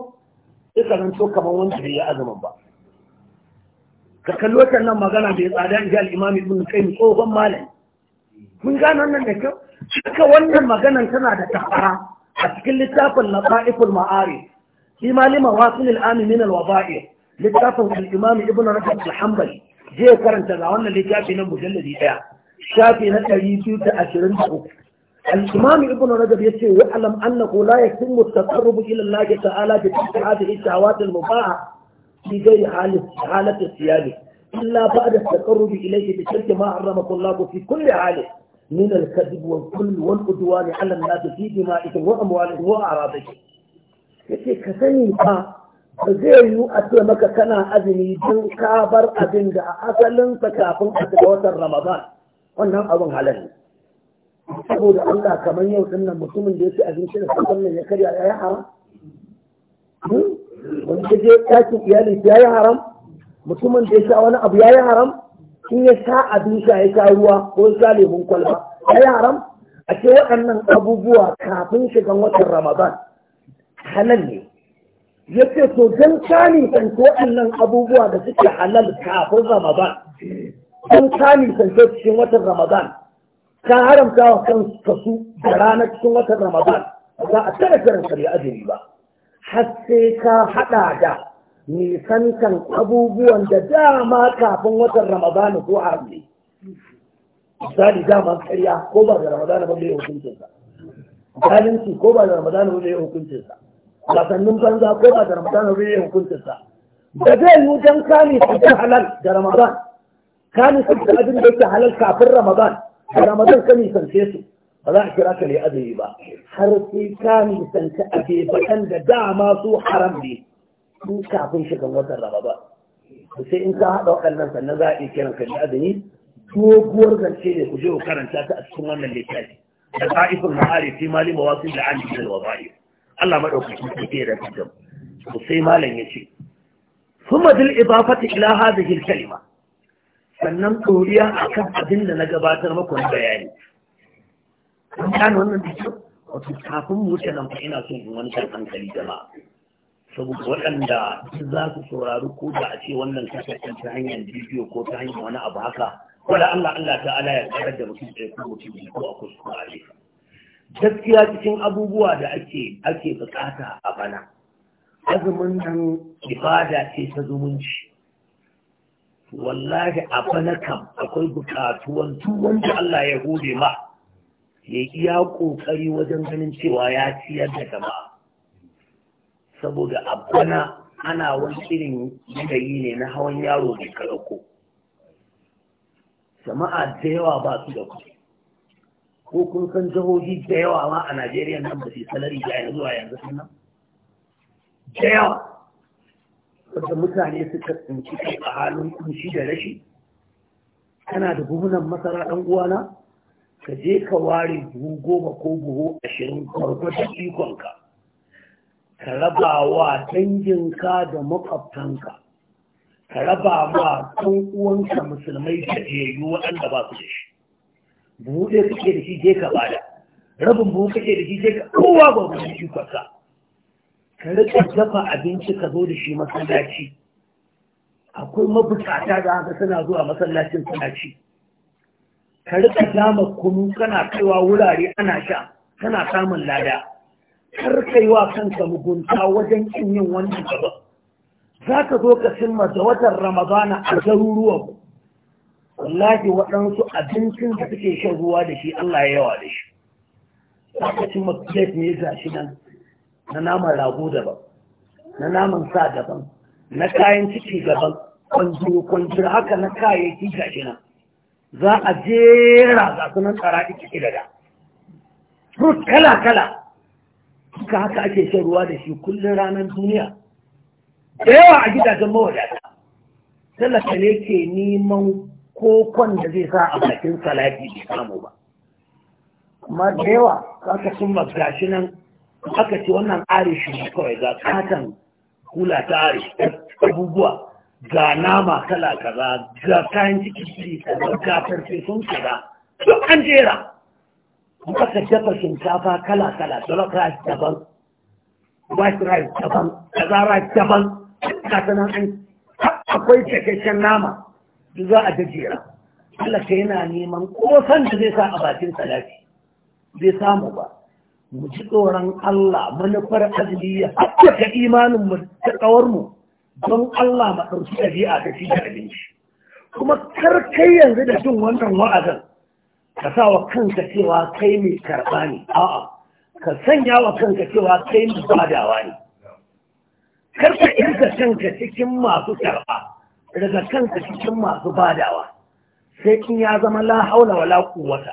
A: ita nan to kamar wanda bai yi azumin ba ka kalli nan magana da ya tsada in ji al-imam ibn qayyim tsohon malam. mun gane wannan da kyau haka wannan maganan tana da tafara a cikin littafin nasaiful ma'ari fi malima wasil al-amin min al-wada'i littafin al-imam ibn rajab al-hanbali je karanta za wannan littafi na daya shafi na ɗari biyu da ashirin da uku al-imami ibn rajab ya ce wa alam annahu la yakunu taqarrubu ila allah ta'ala bi tasaadi ishawat al-mubah fi ghayri halati halati siyali illa ba'da taqarrubi ilayhi bi shirki ma harramahu allah fi kulli hali min al-kadhib wa kull wa al-udwan ala an la tufi bima ithmi wa amwalihi wa aradihi yace ka sani fa zai yiwu a ce maka kana azumi don ka bar abin da a asalinsa kafin a shiga watan ramadan wannan abin halal ne saboda Allah kamar yau din nan mutumin da ya ci abinci da sabon nan ya karya ya yi haram hmm? wani ta je ɗakin iyalin ya yi haram mutumin da ya sha wani abu ya yi haram in ya sha abin sha ya sha ruwa ko ya sha lemun kwalba ya yi haram a ce waɗannan abubuwa kafin shigan watan ramadan halal ne ya ce to don kani kan waɗannan abubuwa da suke halal kafin ramadan don kani kan cikin watan ramadan ka haramta wa kan kasu da ranar cikin watan ramadan Ba a tare karin kare azumi ba har sai ka haɗa da nisantan abubuwan da dama kafin watan ramadan ko azumi misali dama karya ko ba da ramadan ba mai hukuncinsa zalunci ko ba da ramadan ba mai hukuncinsa wasannin banza ko ba da ramadan zai yi hukuncinsa da zai yi don kame su ta halal da ramadan kame su da abin da yake halal kafin ramadan da ramadan ka nisance su ba za a kira ka ne azumi ba har sai ka nisance a gefen da dama su haram ne su kafin shigan watan ramadan sai in ka haɗa waɗannan sannan za a iya kiran ka ne azumi doguwar zance ne ku je ku karanta ta a cikin wannan littafi da ta'ifin ma'arifi Malima wasu da an yi Allah madaukakin sarki ya rabu da sai malam ya ce kuma dil ibafati ilaha da kalima sannan a kan abin da na gabatar muku na bayani an gano wannan dukkan wato kafin mu wuce nan fa ina son in wani hankali jama'a saboda waɗanda za su saurari ko da a ce wannan kasashen ta hanyar bidiyo ko ta hanyar wani abu haka wala Allah Allah ta'ala ya tsara da mutum ɗaya ko mutum biyu ko a kuskure gaskiya cikin abubuwa da ake ake bukata a bana azumin nan ibada ce ta zumunci wallahi a bana kam akwai bukatuwan duk wanda Allah ya gode ma ya iya kokari wajen ganin cewa ya ciyar da jama'a saboda a bana ana wani irin yanayi ne na hawan yaro da karako jama'a da yawa ba su da kuɗi ko kun san jihohi da yawa ma a Najeriya nan ba su salari da yanzu zuwa yanzu sun nan da yawa wanda mutane suka tsinci kai a halin kunshi da rashi kana da buhunan masara ɗan uwana ka je ka ware buhu goma ko buhu ashirin gwargwadon ikonka ka raba wa danginka da makwabtanka ka raba ma ɗan uwanka musulmai da jiyayyu waɗanda ba su da shi Buɗe kake da shi je ka bada rabin buhu kake da shi je ka kowa ba mu shi kwasa ka rika dafa abinci ka zo da shi masallaci akwai mabukata da haka suna zuwa masallacin suna ci ka rika dama kunu kana kaiwa wurare ana sha kana samun lada kar ka yi wa kanka mugunta wajen kin yin wannan gaba za ka zo ka cimma da watan ramadana a ku? wallahi waɗansu abincin da suke shan ruwa da shi Allah ya yawa da shi lokacin mafilet ne ga shi nan na naman rago daban na naman sa daban na kayan ciki daban kwanjiro-kwanjiro haka na kayayyaki ga shi nan za a jera ga sunan tsara iki da fruit kala-kala suka haka ake shan ruwa da shi kullum ranar duniya da yawa a gidajen mawadata tallata ne ke neman ko kwan da zai sa a bakin salati bai samu ba amma da yawa ka sun gashi nan aka ce wannan arishi ne kawai ga katan hula ta arishi abubuwa ga nama kala kaza ga kayan cikin ciki kaza ga farfe sun kaza duk an jera aka dafa shinkafa kala kala jollof rice daban white rice daban kaza rice daban kasanan an akwai cikakken nama duk za a gajera Allah ka yana neman kosan da zai sa a bakin salafi zai samu ba mu ji tsoron Allah manufar azumi ya da imanin mu ta kawar mu don Allah ma ɗauki ɗabi'a ta ci da abinci kuma kar yanzu da jin wannan wa'azan. ka sa wa kanka cewa kai mai karɓa ne a'a ka sanya wa kanka cewa kai mai badawa ne kar irka kanka cikin masu karɓa daga kansa cikin masu badawa sai in ya zama la haula wala quwwata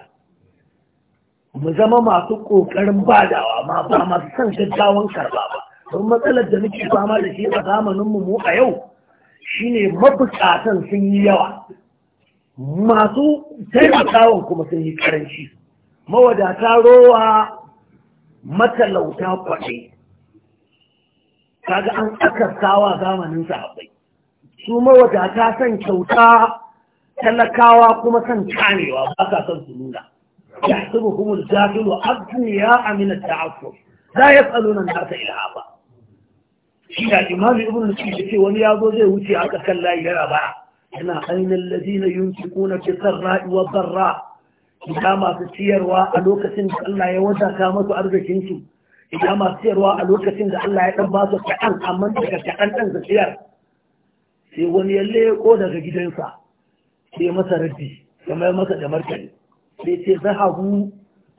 A: mu zama masu ƙoƙarin badawa ma ba masu son gaggawan karba ba don matsalar da muke fama da shi a zamaninmu mu a yau shine mabukatan sun yi yawa masu taimakawan kuma sun yi karanci mawadata rowa matalauta kwaɗe kaga an akasawa zamanin sahabbai su mawadata san kyauta talakawa kuma san kanewa ba ka san su nuna ya tubu kuma jahilu abniya amina Za ya nan la ta nasa ilhaba shi da imam ibn nusi ce wani yazo zai wuce aka kan layi yana bara yana ainihin ladina yunfiquna fi sarra'i wa dharra idan masu ciyarwa a lokacin da Allah ya wadata masu arzikinsu idan masu ciyarwa a lokacin da Allah ya ɗan ba su kaɗan amma daga ta'an ɗan su ciyar sai wani ya leko daga gidansa sai masa raddi kamar masa da martani sai ce zahabu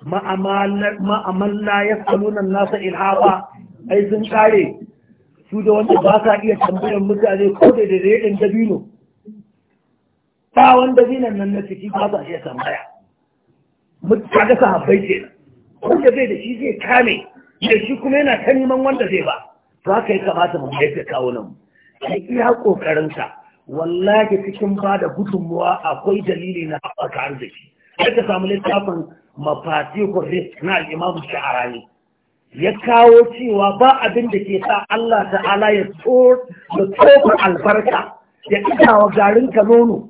A: ma'amalla ya nan nasa ilhafa ai sun kare su da wanda ba sa iya tambayar mutane ko da ɗin dabino Ta wanda zinan nan na ciki ba sa iya tambaya mutane sa habbai ce wanda bai da shi zai kame da shi kuma yana ta neman wanda zai ba Za ka yi kamata mu haifar kawo nan mu a iya ƙoƙarinka wallahi cikin ba da gudunmuwa akwai dalili na haɓaka arziki sai ka samu littafin mafatihur rizq na al-imam sha'arani ya kawo cewa ba abin da ke sa Allah ta'ala ya tsofa albarka ya ita wa garin ka nono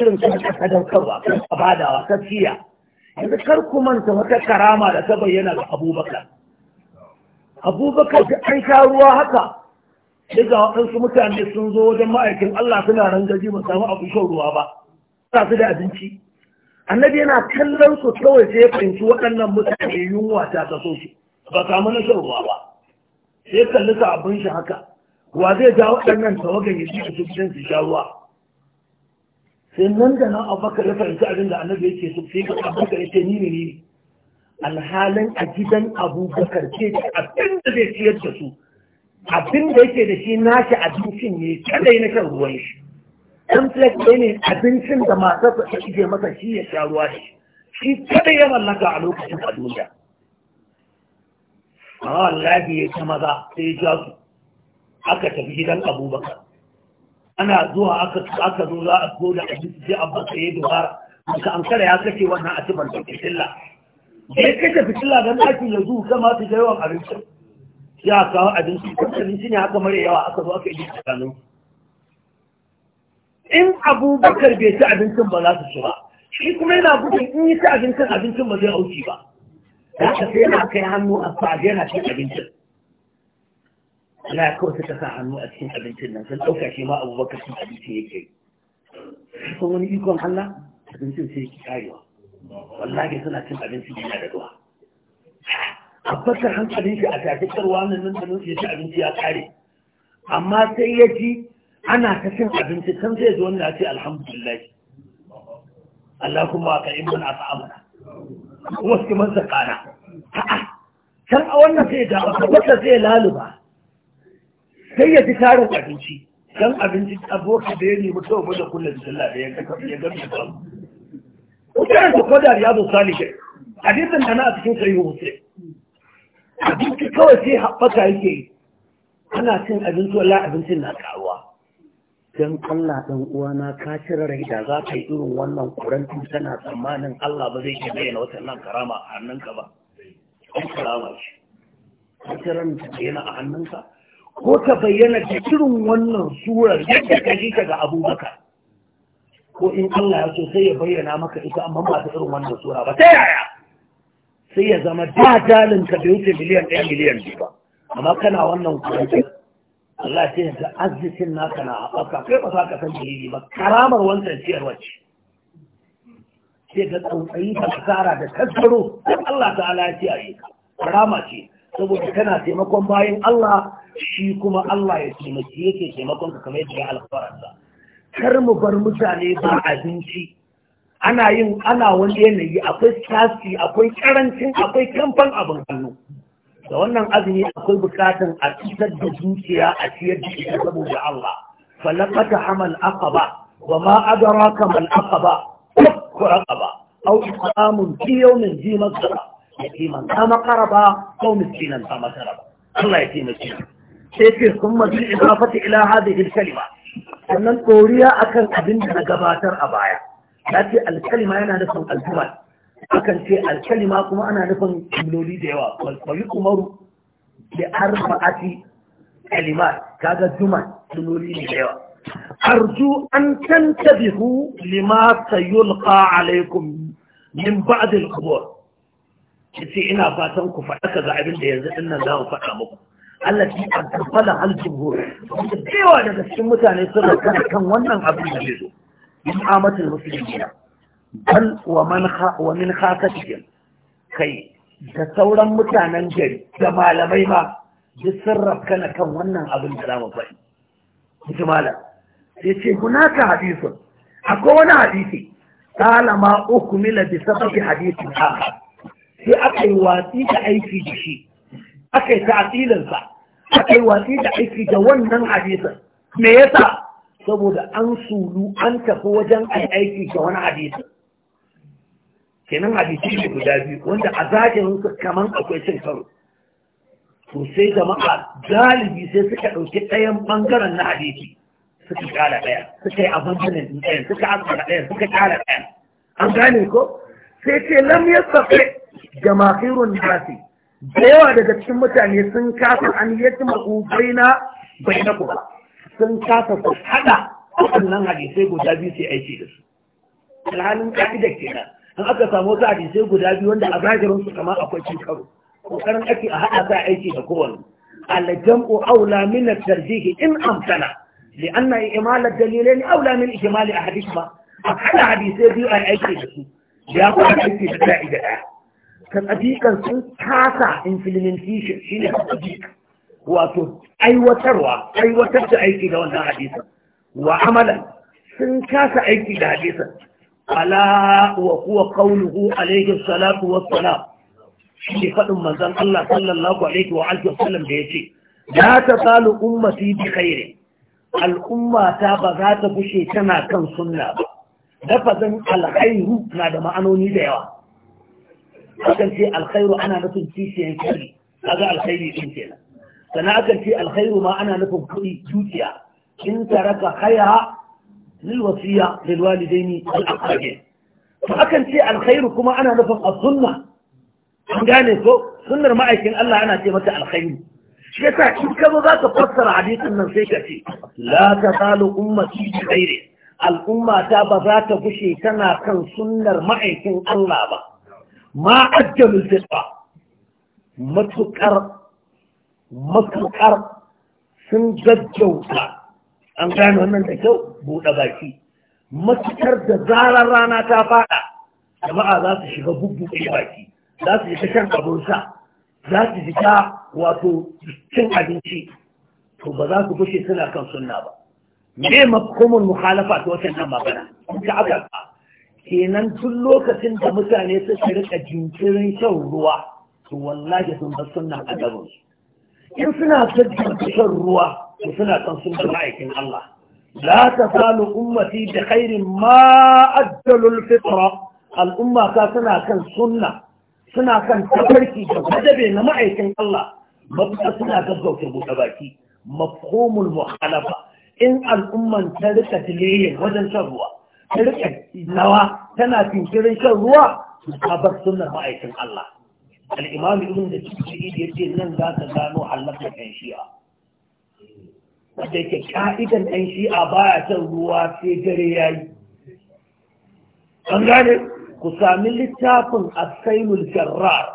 A: irin sun ka sadaukarwa kan abadawa ta siya yanzu kar ku manta wata karama da ta bayyana ga abubakar abubakar da an sha ruwa haka duka waɗansu mutane sun zo wajen ma'aikin Allah suna gaji ba samu abu shan ruwa ba ba su da abinci annabi yana kallon su kawai sai ya fahimci waɗannan mutane yunwa ta kaso su ba samu na shan ruwa ba sai ya kalli abin shi haka wa zai ja waɗannan tawagan ya ji su gidan su sha ruwa sai nan da nan abubakar ya fahimci abin da annabi yake su sai ka abubakar ya ce ni ne ni alhalin a gidan abubakar ce abin da zai ciyar da su abin da yake da shi nashi abincin ne kadai na shan ruwan shi complex ɗaya ne abincin da matarsa ta ije masa shi ya sha ruwa shi shi kadai ya mallaka a lokacin a duniya amma wallahi ya ta maza sai ya su aka tafi gidan abubakar ana zuwa aka zo za a zo da abinci sai abba sai ya dubara maka an kare ya kashe wannan a cibar da fitilla da ya kashe fitilla don ɗakin ya zuwa kamata ta da yawan abincin sai a kawo abinci abinci ne haka mara yawa aka zo aka yi tsakanin in abubakar bai ci abincin ba za su ci ba shi kuma yana gudun in yi ci abincin abincin ba zai auki ba da aka sai yana kai hannu a fage yana cin abincin ya kawai suka sa hannu a cikin abincin nan sun ɗauka shi ma abubakar cin abincin yake yi sun wani ikon Allah abincin sai yake karewa wallahi suna cin abincin yana da ruwa abbasar hankalin shi a tafikar wani nan da nufi shi abinci ya kare amma sai ya ji ana ta cin abinci kan zai zo na ce alhamdulillah Allah kuma ka in muna ta amana wasu kuma zakana a'a can a wannan sai ga abbasar zai laluba sai ya ji tarin abinci dan abinci aboki da ya nemi tawo da kullum sallah da ya kafa ya gami ba ko da ko da riyadu salihin hadisin da na a cikin sahihu muslim abinci kawai sai haɓaka yake yi ana cin abinci wala abincin na karuwa don Allah ɗan uwana ka cire rai da za ka yi irin wannan kurantin tana tsammanin Allah ba zai iya bayyana wata nan karama a hannunka ba an karama shi ka cire rai ta bayyana a hannunka ko ka bayyana ta irin wannan surar yadda ka ji ga abubakar ko in Allah ya so sai ya bayyana maka ita amma ba ta irin wannan sura ba ta yaya sai ya zama dadalin ka bai wuce miliyan ɗaya miliyan biyu ba amma kana wannan kwanci Allah sai yanzu arzikin naka na haɓaka kai ba za ka san dalili ba karamar wancan ciyarwa ce sai ga tsautsayi ka kasara da tattaro don Allah ta'ala ya ce a yi karama ce saboda kana taimakon bayan Allah shi kuma Allah ya taimaki yake taimakon ka kamar yadda ya alfaransa kar mu bar mutane ba abinci ana yin ana wani yanayi akwai kasi akwai karancin akwai kamfan abin hannu da wannan azumi akwai bukatan a cutar da zuciya a ciyar da ita saboda Allah falakata hamal aqaba wa ma adraka mal aqaba fakku aqaba aw iqamun fi yawmin zi masra yatiman kama qaraba aw miskinan kama qaraba Allah ya taimake sai ce summa bil idafati ila hadhihi al kalima sannan koriya akan abin da na gabatar a baya ta ce alkalima yana nufin alkuma akan ce alkalima kuma ana nufin jimloli da yawa kwalkwali umaru da arba'ati kalimat kaga juma jimloli ne da yawa Arzu an tantabihu lima sayulqa alaikum min ba'd al-qubur ina fatan ku faɗa kaza abin da yanzu dinnan za mu faɗa muku Allah shi an tabbala hal jumhur da yawa daga cikin mutane sun kan wannan abin da zai zo نعمة المسلمين بل ومن خ... ومن خاصتهم kai da sauran mutanen gari da malamai ma duk sun kan wannan abin da za mu faɗi. Mutu malam, sai ce hunaka hadisun, akwai wani hadisi, talama uku mila bi sababi hadisin haka, sai aka yi watsi da aiki da shi, aka yi watsi da aiki ga wannan hadisin. Me yasa? saboda an sulu an tafi wajen aiki ga wani hadisi kenan hadisi ne guda biyu wanda a zagin su kaman akwai cin karo to sai jama'a galibi sai suka ɗauki ɗayan ɓangaren na hadisi suka kala ɗaya suka yi abandonin ɗin ɗayan suka azumara ɗaya suka kala ɗaya an gane ko sai ce lam ya safe jama'irun nasi da yawa daga cikin mutane sun kasa an yi ma'ubai na bai na kuma sun kasa su hada waɗannan hadisai guda biyu sai aiki da su alhalin ka'ida kenan in aka samu wasu hadisai guda biyu wanda a zahirin su kama akwai cin karo kokarin ake a hada sa aiki da kowanne aljam'u aula min at-tarjih in amkana ma? A hada hadisai biyu a أحدهما أحد حديثي Ya أي أي شيء يا a حديثي بتاعي ده sun أديك أن shi ne شيء أديك wato aiwatarwa aiwatar da aiki da wannan hadisin wa amalan sun kasa aiki da hadisin ala wa kuwa kauluhu alaihi salatu wassalam shi faɗin manzan Allah sallallahu alaihi wa alihi wasallam da yace la tasalu ummati bi khairin al'umma ta ba za ta bushe tana kan sunna ba Dafa dafazin alkhairu na da ma'anoni da yawa akan ce alkhairu ana nufin kishiyan shari ga alkhairi din kenan sana akan ce alkhairu ma ana nufin kuɗi zuciya in taraka khaira lil wasiya lil walidaini al aqrabin to akan ce alkhairu kuma ana nufin as-sunna an gane ko sunnar ma'aikin Allah ana ce mata alkhairu shi yasa in ka zo zaka fassara hadisin nan sai ka ce la tazalu ummati bi ghairi al'umma ta ba za ta gushe tana kan sunnar ma'aikin Allah ba ma ajjalul fitra matukar matuƙar sun gaggauta an gane wannan da kyau buɗe baki matuƙar da zarar rana ta faɗa jama'a za su shiga ɗaya baki za su yi kashen abin sa, za su ta wato cin abinci to ba za su bushe suna kan sunna ba me makomin muhalafa ta wasan nan magana in ka aka kenan tun lokacin da mutane suka rika jinkirin shan ruwa to wallahi sun bar sunna a gabansu in suna sabbin shan ruwa to suna kan sun da ma'aikin Allah la ta salu ummati da khairin ma addalul fitra al'umma ka suna kan sunna suna kan tafarki da gadabe na ma'aikin Allah Mafuta suna gaggauta buɗe baki mafhumul muhalafa in al'umman ta rika tiliyin wajen shan ruwa ta rika nawa tana tinkirin shan ruwa ta bar sunnar ma'aikin Allah al'imam ibn da cikin ya ce nan za ka gano halakar ɗan shi'a wadda yake ka'idan ɗan shi'a ba ya son ruwa sai dare ya yi an gane ku sami littafin asailul jarrar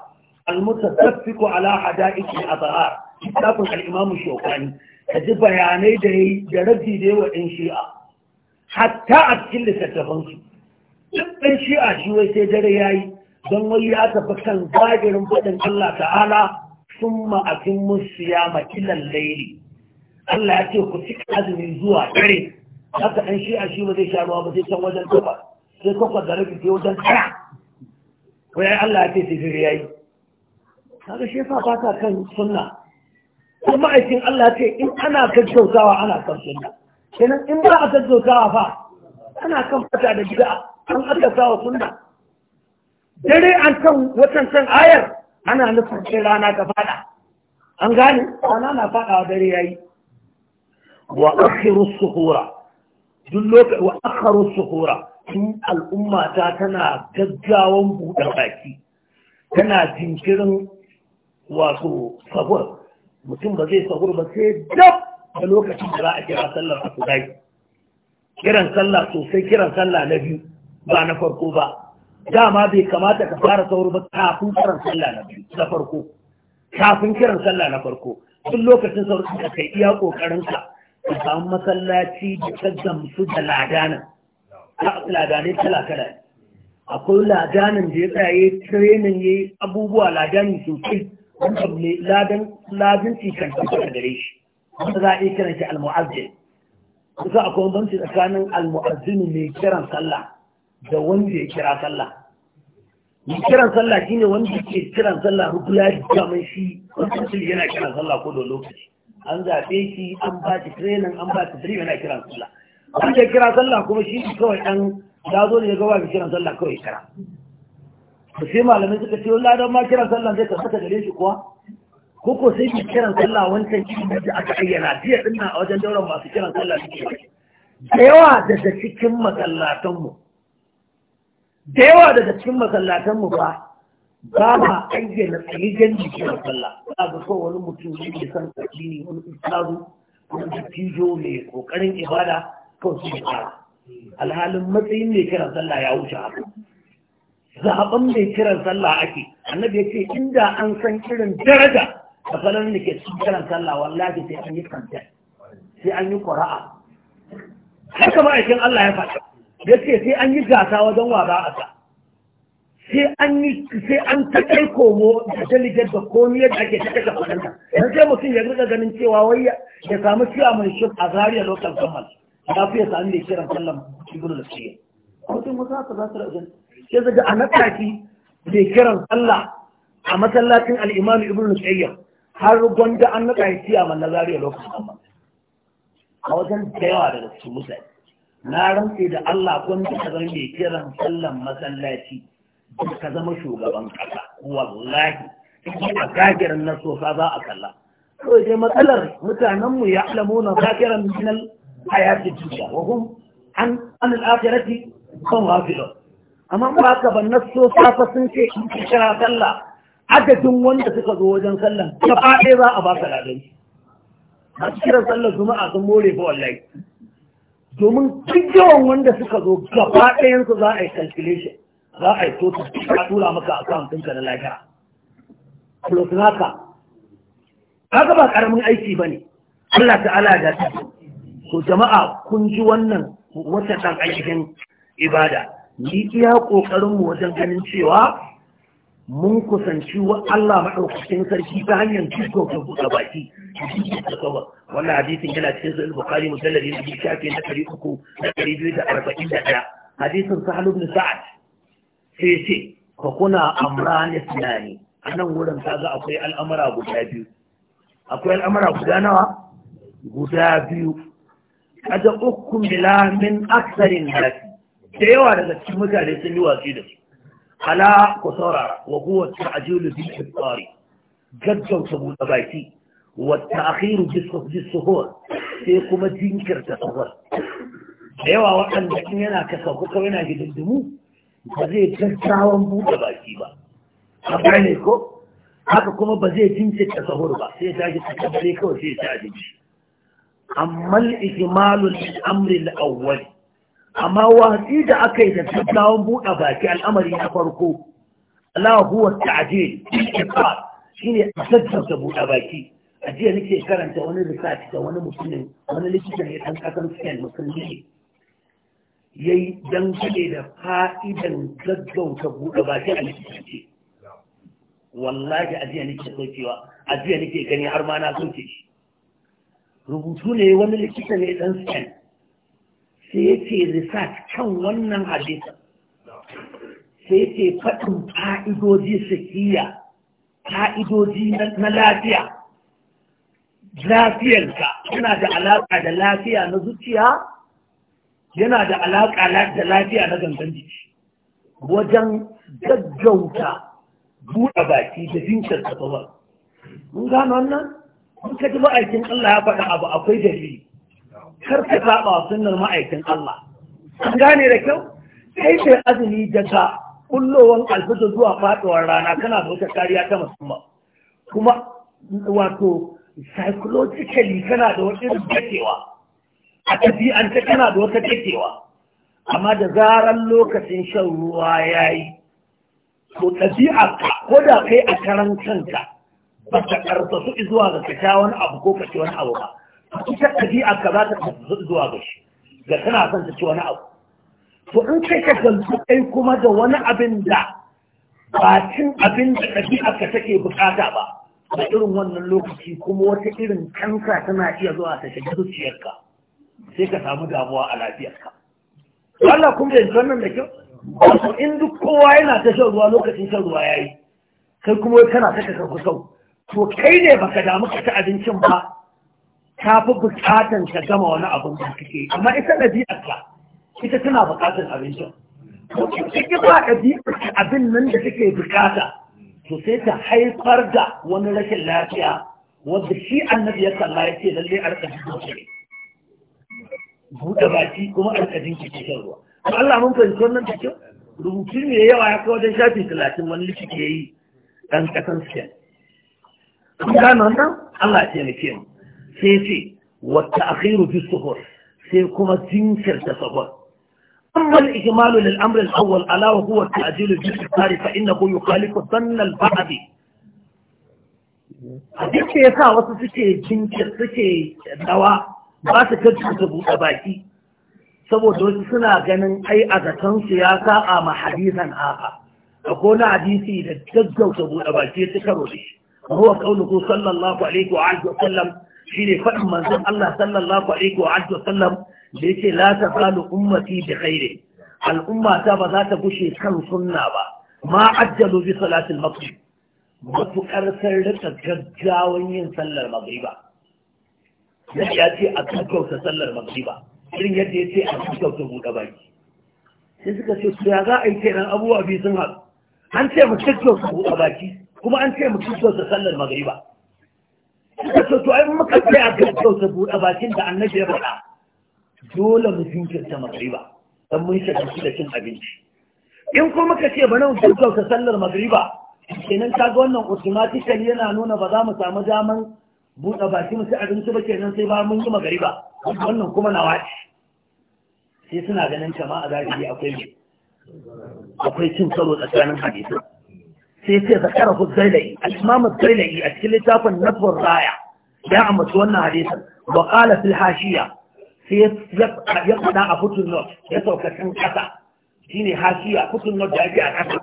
A: almutasaffiku ala hada'iqil azhar littafin al shokani. Ka kaji bayanai da yayi da rabbi da yawa ɗan shi'a hatta a cikin littattafansu duk ɗan shi'a shi wai sai dare yayi don wai ya tafi kan zagirin faɗin Allah ta'ala sun ma'afin musu ya makilan laili Allah ya ce ku ci azumi zuwa dare haka ɗan shi a shi ba zai sha ruwa ba sai can wajen tafa sai kwakwa da rabi sai wajen tara ko ya Allah ya ce sai fere ya yi kaga shi yasa ba ta kan sunna Ko ma'aikin Allah ya ce in ana kyautawa ana kan sunna kenan in ba a kyautawa fa ana kan fata da gida an aka sawa sunna dare an kan watan ayar ana nufin sai rana ta fada an gane rana na fada dare yayi wa akhiru suhura duk lokacin wa akharu suhura tun al'umma ta tana gaggawan buɗe baki tana jinkirin wato sahur mutum ba zai sahur ba sai dab da lokacin da za a kira sallar asubai kiran sallah sosai kiran sallah na biyu ba na farko ba dama bai kamata ka fara sauro ba kafin kiran sallah na farko kafin kiran sallah na farko tun lokacin sauri ka kai iya kokarin ka ka samu masallaci da ka gamsu da ladanan ladanai kala kala akwai ladanan da ya tsaye training ya yi abubuwa ladani sosai wanda mai ladan ladin cikin da gare shi wanda za a iya kiran shi al-mu'azzin kusa akwai bambanci tsakanin al-mu'azzin mai kiran sallah da wanda ya kira sallah yi kiran sallah shine wanda ke kiran sallah ya ji kamar shi wanda yana kiran sallah ko da lokaci an zaɓe shi an ba shi training an ba shi training yana kiran sallah wanda ya kira sallah kuma shi kawai ɗan ya zo ne ya gaba kiran sallah kawai kira to sai malamai suka ce wani dan ma kiran sallah zai tabbata gare shi kuwa ko sai ki kiran sallah wancan shi da aka ayyana jiya dinnan a wajen dauran masu kiran sallah suke da yawa daga cikin masallatanmu mu da yawa daga cikin masallatanmu ba ba ma ayyana tsayigen jiki da sallah ba ga so wani mutum ne da san ne wani islamu wani fijo mai kokarin ibada kan su fara alhalin matsayin mai kiran sallah ya wuce haka zaɓen mai kiran sallah ake annabi ya ce inda an san kirin daraja a falon da ke cikin kiran sallah wallahi sai an yi kanta sai an yi ƙura'a haka ma'aikin Allah ya faɗa ya ce sai an yi gasa wajen wa za a sa sai an yi sai an ta kai komo da jalijar da komi yadda ake ta kashe kudinta don sai mutum ya rika ganin cewa wai ya samu cewa mai shi a zariya lokal kamar ya fi ya sami da kiran sallan ibn al-siyya mutum wasu haka za su rajin sai zaga a nataki da kiran sallah a masallacin al ibn al har gwanda an nata ki a man na zariya lokal kamar a wajen da yawa daga cikin mutane na rantse da Allah gwamnati ta zama kiran sallan masallaci ka zama shugaban kasa wallahi a gagiran na sofa za a kalla kawai dai matsalar mutanenmu ya alamu na gagiran minal hayati duniya wa hum an an al'afirati kan wafilo amma ba haka ban na sofa fa sun ce in ki kira kalla, adadin wanda suka zo wajen sallan gaba ɗaya za a ba ka ladanci masu kiran sallar juma'a sun more ba wallahi domin duk yawan wanda suka zo gaba ɗayansu za a yi calculation za a yi total a tura maka a akawun tunka na lafiya plus haka, kaga ba ƙaramin aiki ba ne Allah ala da ta so jama'a kun ji wannan wata ɗan aikin ibada ni iya ƙoƙarinmu wajen ganin cewa mun kusanci wa Allah maɗaukacin sarki ta hanyar cikin ka buɗa baki da kawai wannan hadisin yana cikin sahih bukhari musallari na shafi na ɗari uku na ɗari biyu da arba'in da ɗaya hadisin sahal ibn sa'ad sai ce ka kuna amran sinani a nan wurin kaga akwai al'amara guda biyu akwai al'amara guda nawa guda biyu kada ukun bila min aksarin da yawa daga cikin mutane sun yi watsi da su ala ku saurara wa huwa ta'jilu bil ifṭari gaggauta buɗe baki wa ta'khiru bis suhur sai kuma jinkirta sahur da yawa waɗanda in yana kasa kuka yana hidindimu ba zai gaggawan buɗe baki ba a gane ko haka kuma ba zai jinkirta sahur ba sai ta ji tsakar kawai sai ta abinci amma al amri al-awwal amma watsi da aka yi da gaggawan buɗa baki al'amari na farko Allah huwa ta'jil shine a sassauta buɗa baki a jiya nake karanta wani research da wani mutumin wani likita ne ɗan ƙasar Spain musulmi ya yi dangane da fa'idan gaggauta buɗa baki a likitance wallahi a jiya nake sokewa a jiya nake gani har ma na soke shi rubutu ne wani likita ne ɗan Spain sai ya ce research kan wannan hadisa sai ya ce faɗin fa'idoji sakiya fa'idoji na lafiya lafiyarka yana da alaƙa da lafiya na zuciya yana da alaƙa da lafiya na gangan jiki wajen gaggauta buɗe baki da jinkar tafawa mun gano wannan mun kaji ma'aikin Allah ya faɗa abu akwai dalili kar ka saba sunnar ma'aikin Allah an gane da kyau kai sai azumi daga kullowan alfajir zuwa faɗuwar rana kana da wata kariya ta musamman kuma wato psychologically kana da wata irin a tafi'anta kana da wata takewa amma da zaran lokacin shan ruwa ya yi to ka ko da kai a karan kanka ba ka ƙarfasu zuwa ga ka wani abu ko ka wani abu ba ita ɗabi'a ka za ta zuwa ga shi da tana son ta ci wani abu to in kai ka gamsu kai kuma da wani abin da ba cin abin da ɗabi'a ka take bukata ba a irin wannan lokaci kuma wata irin kansa tana iya zuwa ta shiga zuciyarka sai ka samu damuwa a lafiyarka Allah kuma yanzu wannan da kyau wato in duk kowa yana ta shan ruwa lokacin shan ruwa yayi kai kuma kana ta kaka sau to kai ne baka damu ka ta abincin ba ta fi bukatan ta gama wani abin da kake amma ita ɗabi'ar ta ita tana bukatan abincin ita ba ɗabi'ar abin nan da take bukata to sai ta haifar da wani rashin lafiya wanda shi annabi ya kalla ya ce lalle a rikajin dole buɗe baki kuma a rikajin kike shan ruwa Allah mun fahimci wannan ta kyau rubutu ne yawa ya kai wajen shafi talatin wani likita ya yi ɗan ƙasan siyan. Kun gano wannan? Allah ya taimake mu. sai ce wata akhiru fi suhur sai kuma jinkirta sabon. Amma sahur أما الإجمال للأمر الأول ألا وهو التأجيل بالإفطار فإنه يخالف ظن البعض abin da ya sa wasu suke jinkir suke dawa ba su kirkir su buɗe baki saboda wasu suna ganin ai a zatansu ya sa'a ma hadisan aka da kona hadisi da gaggauta buɗe baki ya ci karo da shi huwa kauluhu sallallahu alaihi wa alihi wa sallam shi ne faɗin manzon Allah sallallahu alaihi wa sallam, wasallam da yake la tazalu ummati da khairi al'umma ta ba za ta gushe kan sunna ba ma ajjalu bi salatil maghrib matuƙar sun rika gaggawan yin sallar magriba yadda ya ce a gaggauta sallar magriba irin yadda ya ce a gaggauta buɗe baki sai suka ce su ya za a yi kenan abubuwa biyu sun haɗu an ce mu gaggauta buɗe baki kuma an ce mu gaggauta sallar magriba suka so to ai muka tsaya ga kyauta buɗe bakin da annabi ya faɗa dole mu ta magriba dan mun shiga shi da cin abinci in ko muka ce bana mu ta sallar magriba kenan ga wannan automatically yana nuna ba za mu samu daman buɗe baki mu ci abinci ba kenan sai ba mun yi magriba wannan kuma na wace sai suna ganin jama'a a zahiri akwai akwai cin salo tsakanin hadisi sai ce zakara ku zailai al-imam zailai a cikin littafin nasbur raya ya ambaci wannan hadisin wa qala fil hashiya sai ya faɗa a footnote ya sauka kan ƙasa shine hashiya footnote da ake a ƙasa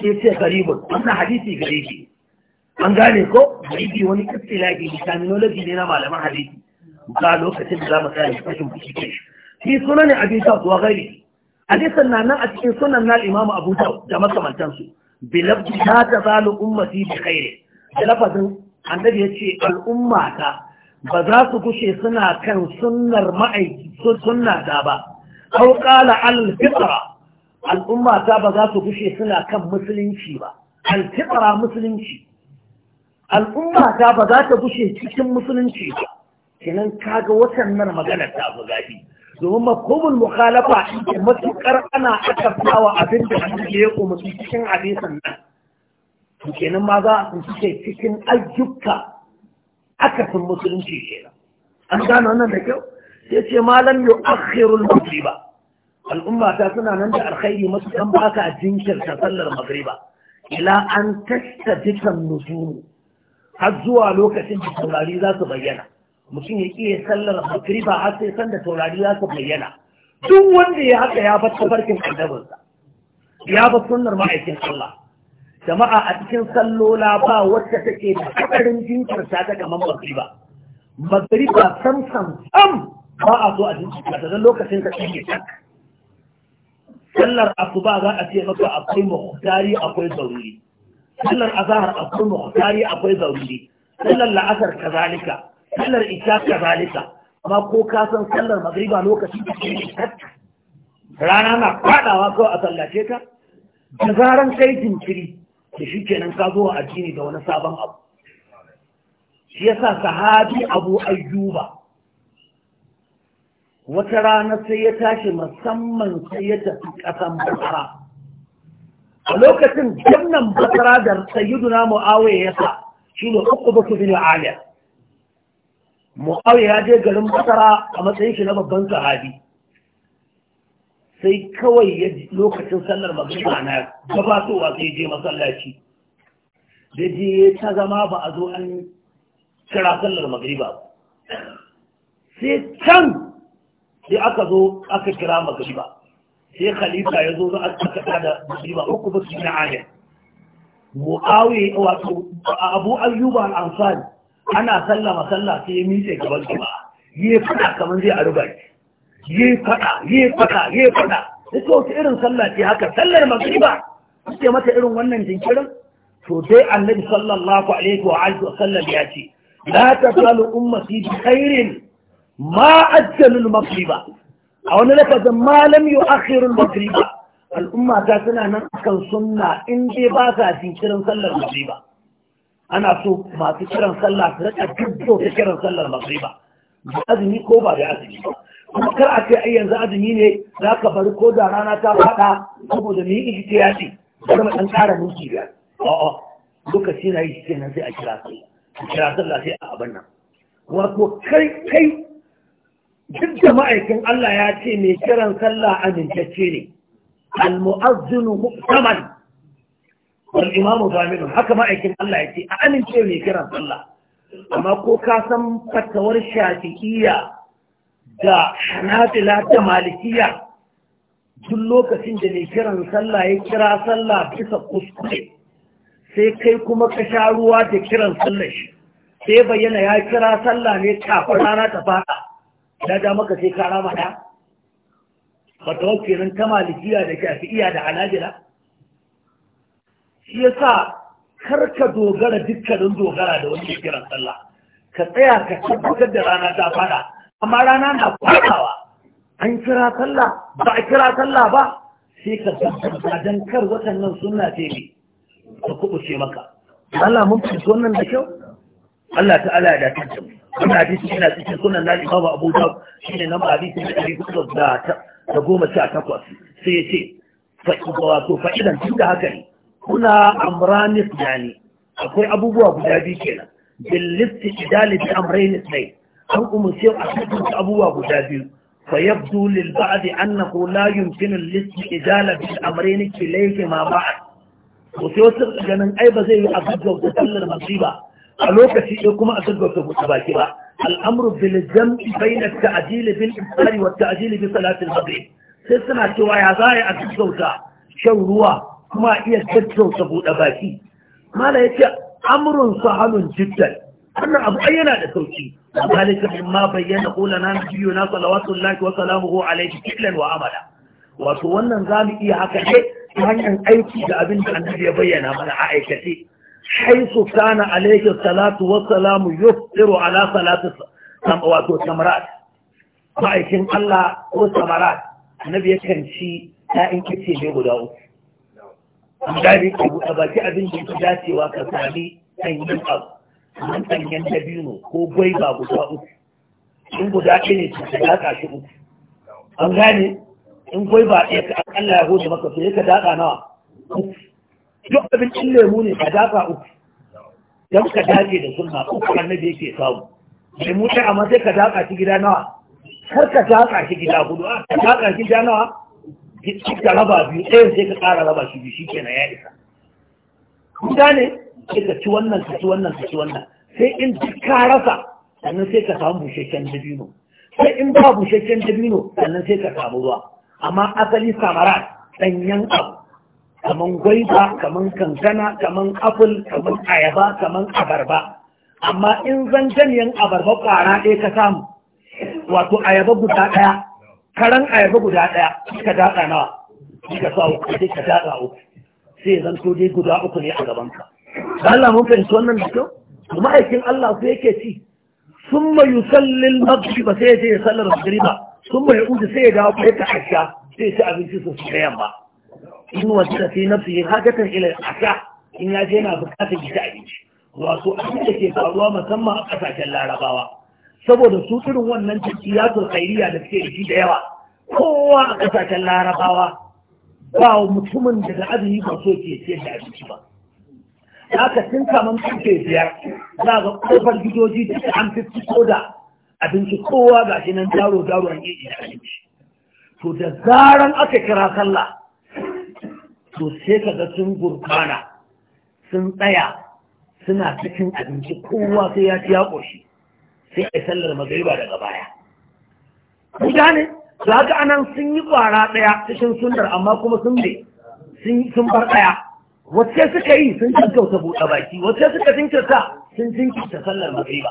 A: sai ce garibun wannan hadisi garibi an gane ko garibi wani istilahi da terminology ne na malaman hadisi ba lokacin da za mu tsaya fashin fushi kai shi sunan abi dawud wa ghairi hadisan nan a cikin sunan na imam abu da makamantansu bilabdi ta ta zalu ummati bi khairi da lafazin annabi yace al'umma ta ba za su gushe suna kan sunnar ma'aiki sunna ba aw qala al fitra al'umma ba za su gushe suna kan musulunci ba al musulunci Al'ummata ta ba za ta gushe cikin musulunci ba kenan kaga nan maganar ta fi zafi domin makomin mukhalafa da matukar ana akartawa abin da ake ya umarci cikin abisan nan kenan ma za su tsinci cikin cikin aka akasin musulunci kenan an gano nan da kyau sai ce malam yu akhirul magriba al'umma ta suna nan da alkhairi masu dan baka a jinkirta sallar magriba ila an tashta dukan nujumu har zuwa lokacin da taurari za su bayyana mutum ya iya sallar ba har sai san da taurari za su bayyana duk wanda ya haka ya bar tafarkin annabinsa ya bar sunnar ma'aikin Allah jama'a a cikin sallola ba wacce take da hadarin jinkirta ta ba. magriba ba sam sam sam ba a zo a jinkirta ta don lokacin ta tsaye tak sallar asuba za a ce maka akwai muhtari akwai zaruri sallar azahar akwai muhtari akwai zaruri sallar la'asar kazalika sallar isha ka zalika amma ko ka san sallar magriba lokacin da ke rana na fadawa kawai a sallace ta da zaran kai jinkiri da shi kenan ka zo a addini da wani sabon abu shi yasa sahabi abu ayyuba wata rana sai ya tashi musamman sai ya tafi ƙasan basara a lokacin jannan basara da sayyiduna sa yasa shine uku basu bin aliyar mu'awiya ya je garin masara a matsayin shi na babban sahabi sai kawai ya lokacin sallar magana na gabatowa sai je masallaci da je ta zama ba a zo an kira sallar magriba ba sai can sai aka zo aka kira magriba sai khalifa ya zo za a tsakata da magriba uku ba su na ayar mu'awiya wato abu ayyuba al-ansari ana sallah masalla sai ya miƙe gaban jama'a ya fada kamar zai a ruba ya fada ya fada ya faɗa da ta irin sallah ce haka sallar magriba suke mata irin wannan jinkirin to dai annabi sallallahu alaihi wa alihi wa sallam ya ce la tazalu ummati bi khairin ma ajjalul magriba a wani lafazin ma lam yu'akhirul magriba al'umma ta suna nan akan sunna in dai ba sa jinkirin sallar magriba ana so masu kiran sallah su rika dubbo ta kiran sallar magriba ba azumi ko ba da azumi ba kuma kar a ce ai yanzu azumi ne za ka bari ko da rana ta fada saboda mu yi ijiti ya mu dan ƙara minti biyar a'a lokaci na yi kenan sai a kira sallah a kira sallah sai a abin nan wato kai kai duk da ma'aikin Allah ya ce mai kiran sallah amintacce ne al-mu'azzinu mutamal wal imamu haka ma'aikin Allah ya ce a amince mai kiran sallah amma ko ka san fatawar shafi'iyya da hanabila da malikiya duk lokacin da mai kiran sallah ya kira sallah bisa kuskure sai kai kuma ka sha ruwa da kiran sallah shi sai bayyana ya kira sallah ne kafin rana ta fada da da maka sai ka da fatawar ta malikiya da shafi'iya da hanabila shi yasa kar ka dogara dukkanin dogara da wani kiran sallah ka tsaya ka tabbatar da rana ta fada amma rana na fadawa an kira sallah ba a kira sallah ba sai ka tabbata dan kar watannan sunna ce ne ka ce maka Allah mun fi sunan da kyau Allah ta'ala ya dace mu wannan cikin yana cikin sunan na Imam Abu Dawud shine nan cikin da Abi da goma sha takwas sai ya ce fa'idan tun da haka ne kuna amranis yani akwai abubuwa guda biyu kenan bil listi idali bi amranis an kuma sai a cikin abubuwa guda biyu fa yabdu lil ba'd annahu la yumkin al listi idala bi amrayn ganin ai ba zai yi a gaggau da masiba a lokaci ɗaya kuma a gaggau da baki ba Al'amur, bil jam'i bainat ta'jil bil iftari wa ta'jil bi salati al sai suna cewa ya za a yi a gaggauta shan ruwa kuma iya tattausa buɗe baki mala ya ce amurin sahalun jiddan wannan abu ai yana da sauki zalika mimma bayyana qulana biyu na salawatullahi wa salamuhu alayhi fi'lan wa amala wato wannan zamu iya haka ne ta hanyar aiki da abin da annabi ya bayyana mana a aikace haisu kana alayhi salatu wa salamu yusiru ala salatu wato samarat ma'aikin Allah ko samarat annabi yakan ci ta'in kice ne guda uku an gane ka buɗe baki abin da yake dacewa ka sami sanyin abu kamar ɗanyen dabino ko ba guda uku in guda ɗaya ne ka daƙa shi uku an gane in ba ɗaya ka akalla ya goje maka Sai ka daƙa nawa uku duk abin ɗin lemu ne ka daƙa uku don ka dace da sunna uku annabi yake samu lemu ɗaya amma sai ka daƙa shi gida nawa har ka daƙa shi gida hudu ah, ka daƙa shi gida nawa duk da raba biyu ɗayan sai ka ƙara raba shi biyu shi kenan ya isa kuta ne sai ka ci wannan ka ci wannan ka ci wannan sai in duk ka rasa sannan sai ka samu busheken dabino sai in ba busheken dabino sannan sai ka samu ruwa amma asali samara ɗanyen abu kaman gwaiba kaman kankana kaman apple kaman ayaba kaman abarba amma in zanganiyan abarba ƙara ɗaya ka samu wato ayaba guda ɗaya karan ayaba guda ɗaya sai daɗa nawa sai sa uku sai ka daɗa uku sai ya zanto dai guda uku ne a gabanka da Allah mun fahimci wannan da kyau ma'aikin Allah su yake ci sun ma yusallin ba sai ya je ya sallar ba. sun ma yaudu sai ya dawo kai ta asha sai ci abinci sosai da yamma in wajda fi nafsihi hajatan ila asha in ya je yana bukatar gida abinci wato abin da ke faruwa musamman a ƙasashen larabawa saboda su irin wannan tiyatar khairiya da suke da shi da yawa kowa a kasashen larabawa ba mutumin daga azumi ba so ke ce da abinci ba haka tun kamar karfe biyar za ga kofar gidoji da an fi fito da abinci kowa ga shi nan daro daro an yi da abinci to da zaran aka kira sallah to sai ka ga sun gurkana sun tsaya suna cikin abinci kowa sai ya ci ya ƙoshi sai a sallar magariba daga baya mun ne, su haka anan sun yi kwara ɗaya cikin sundar amma kuma sun sun bar ɗaya Wace suka yi sun jinkauta buɗe baki wace suka jinkirta sun jinkirta sallar magariba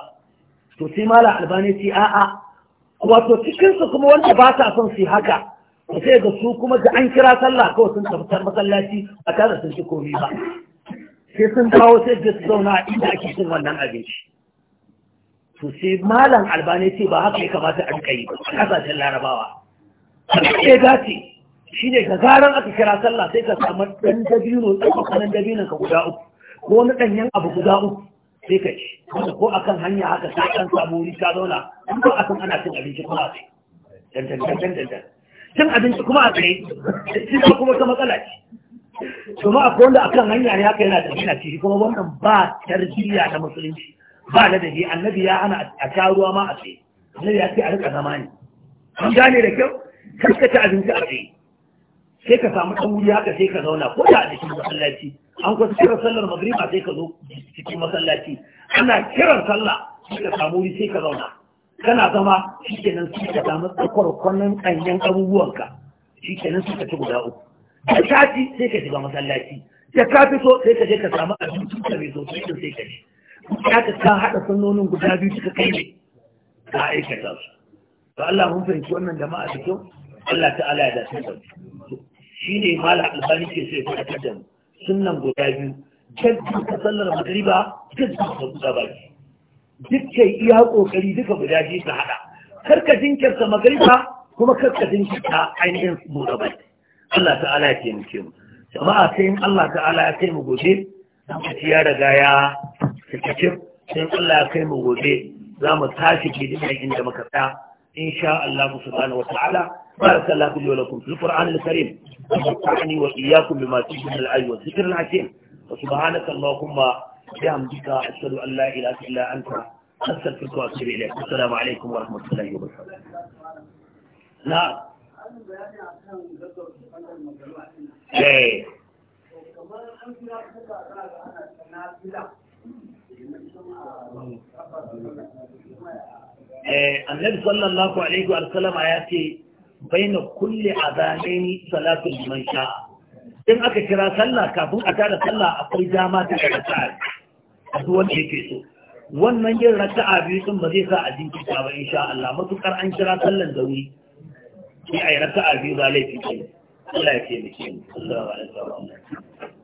A: to sai mala albani ce a'a wato cikinsu kuma wanda ba sa son su haka ba sai ga su kuma da an kira sallah kawai sun tar masallaci a tare sun ci komai ba sai sun dawo sai da su zauna a inda ake cin wannan abinci to sai malam albani ce ba haka ya kamata a rika a kasashen larabawa sai gace shi ne ga zaren aka kira sallah sai ka samu ɗan dabino ɗan kwakwanan dabinon ka guda uku ko wani ɗanyen abu guda uku sai ka ci wanda ko a kan hanya haka sai ɗan samu wuri ta zauna in ba a kan ana cin abinci kuma a tsaye dandandandandandan cin abinci kuma a tsaye cin kuma ta matsala ce kuma akwai wanda akan hanya ne haka yana da shi kuma wannan ba tarbiyya na musulunci ba ladabi annabi ya hana a sha ruwa ma a tsaye annabi ya ce a rika zama ne an gane da kyau karkata abinci a tsaye sai ka samu ɗan wuri haka sai ka zauna ko da a cikin masallaci an kusa kira sallar magriba sai ka zo cikin masallaci ana kiran sallah sai ka samu wuri sai ka zauna kana zama shi kenan sai ka samu tsakwarkwanin ɗanyen abubuwanka shi kenan sai ka ci guda uku da sati sai ka shiga masallaci da ka fito sai ka je ka samu abinci ka mai sosai sai ka ci ya ka haɗa sannonin guda biyu suka kai ne ka aikata su to Allah mun fahimci wannan jama'a da kyau Allah ta'ala ya dace da shi ne mala albani ke sai ya fada da Sunan sunnan guda biyu jaddu ka sallar magriba jaddu ka guda baki duk kai iya kokari duka guda biyu ka haɗa kar ka jinkirta magriba kuma kar ka jinkirta ainihin guda baki Allah ta'ala ya taimake mu jama'a sai Allah ta'ala ya kai mu gobe lokaci ya riga ya fikacin in Allah kai mu gobe za mu tashi gidan inda muka tsaya insha Allah subhanahu wataala بارك الله لي ولكم في القرآن الكريم ونفعني وإياكم بما فيه من الآي والذكر الحكيم وسبحانك اللهم بحمدك أشهد أن لا إله إلا أنت أستغفرك وأتوب إليك السلام عليكم ورحمة الله وبركاته نعم ايه
B: Eh, annabi
A: sallallahu alaihi wa sallama ya ce baina kulli azanaini salatu liman sha'a in aka kira sallah kafin a tada sallah akwai dama ta da raka'a a duk wanda yake so wannan yin raka'a biyu sun ba zai sa a jinkita ba insha Allah matukar an kira sallan da wuri sai a yi raka'a biyu ba laifi ce Allah ya ce mu Allah ya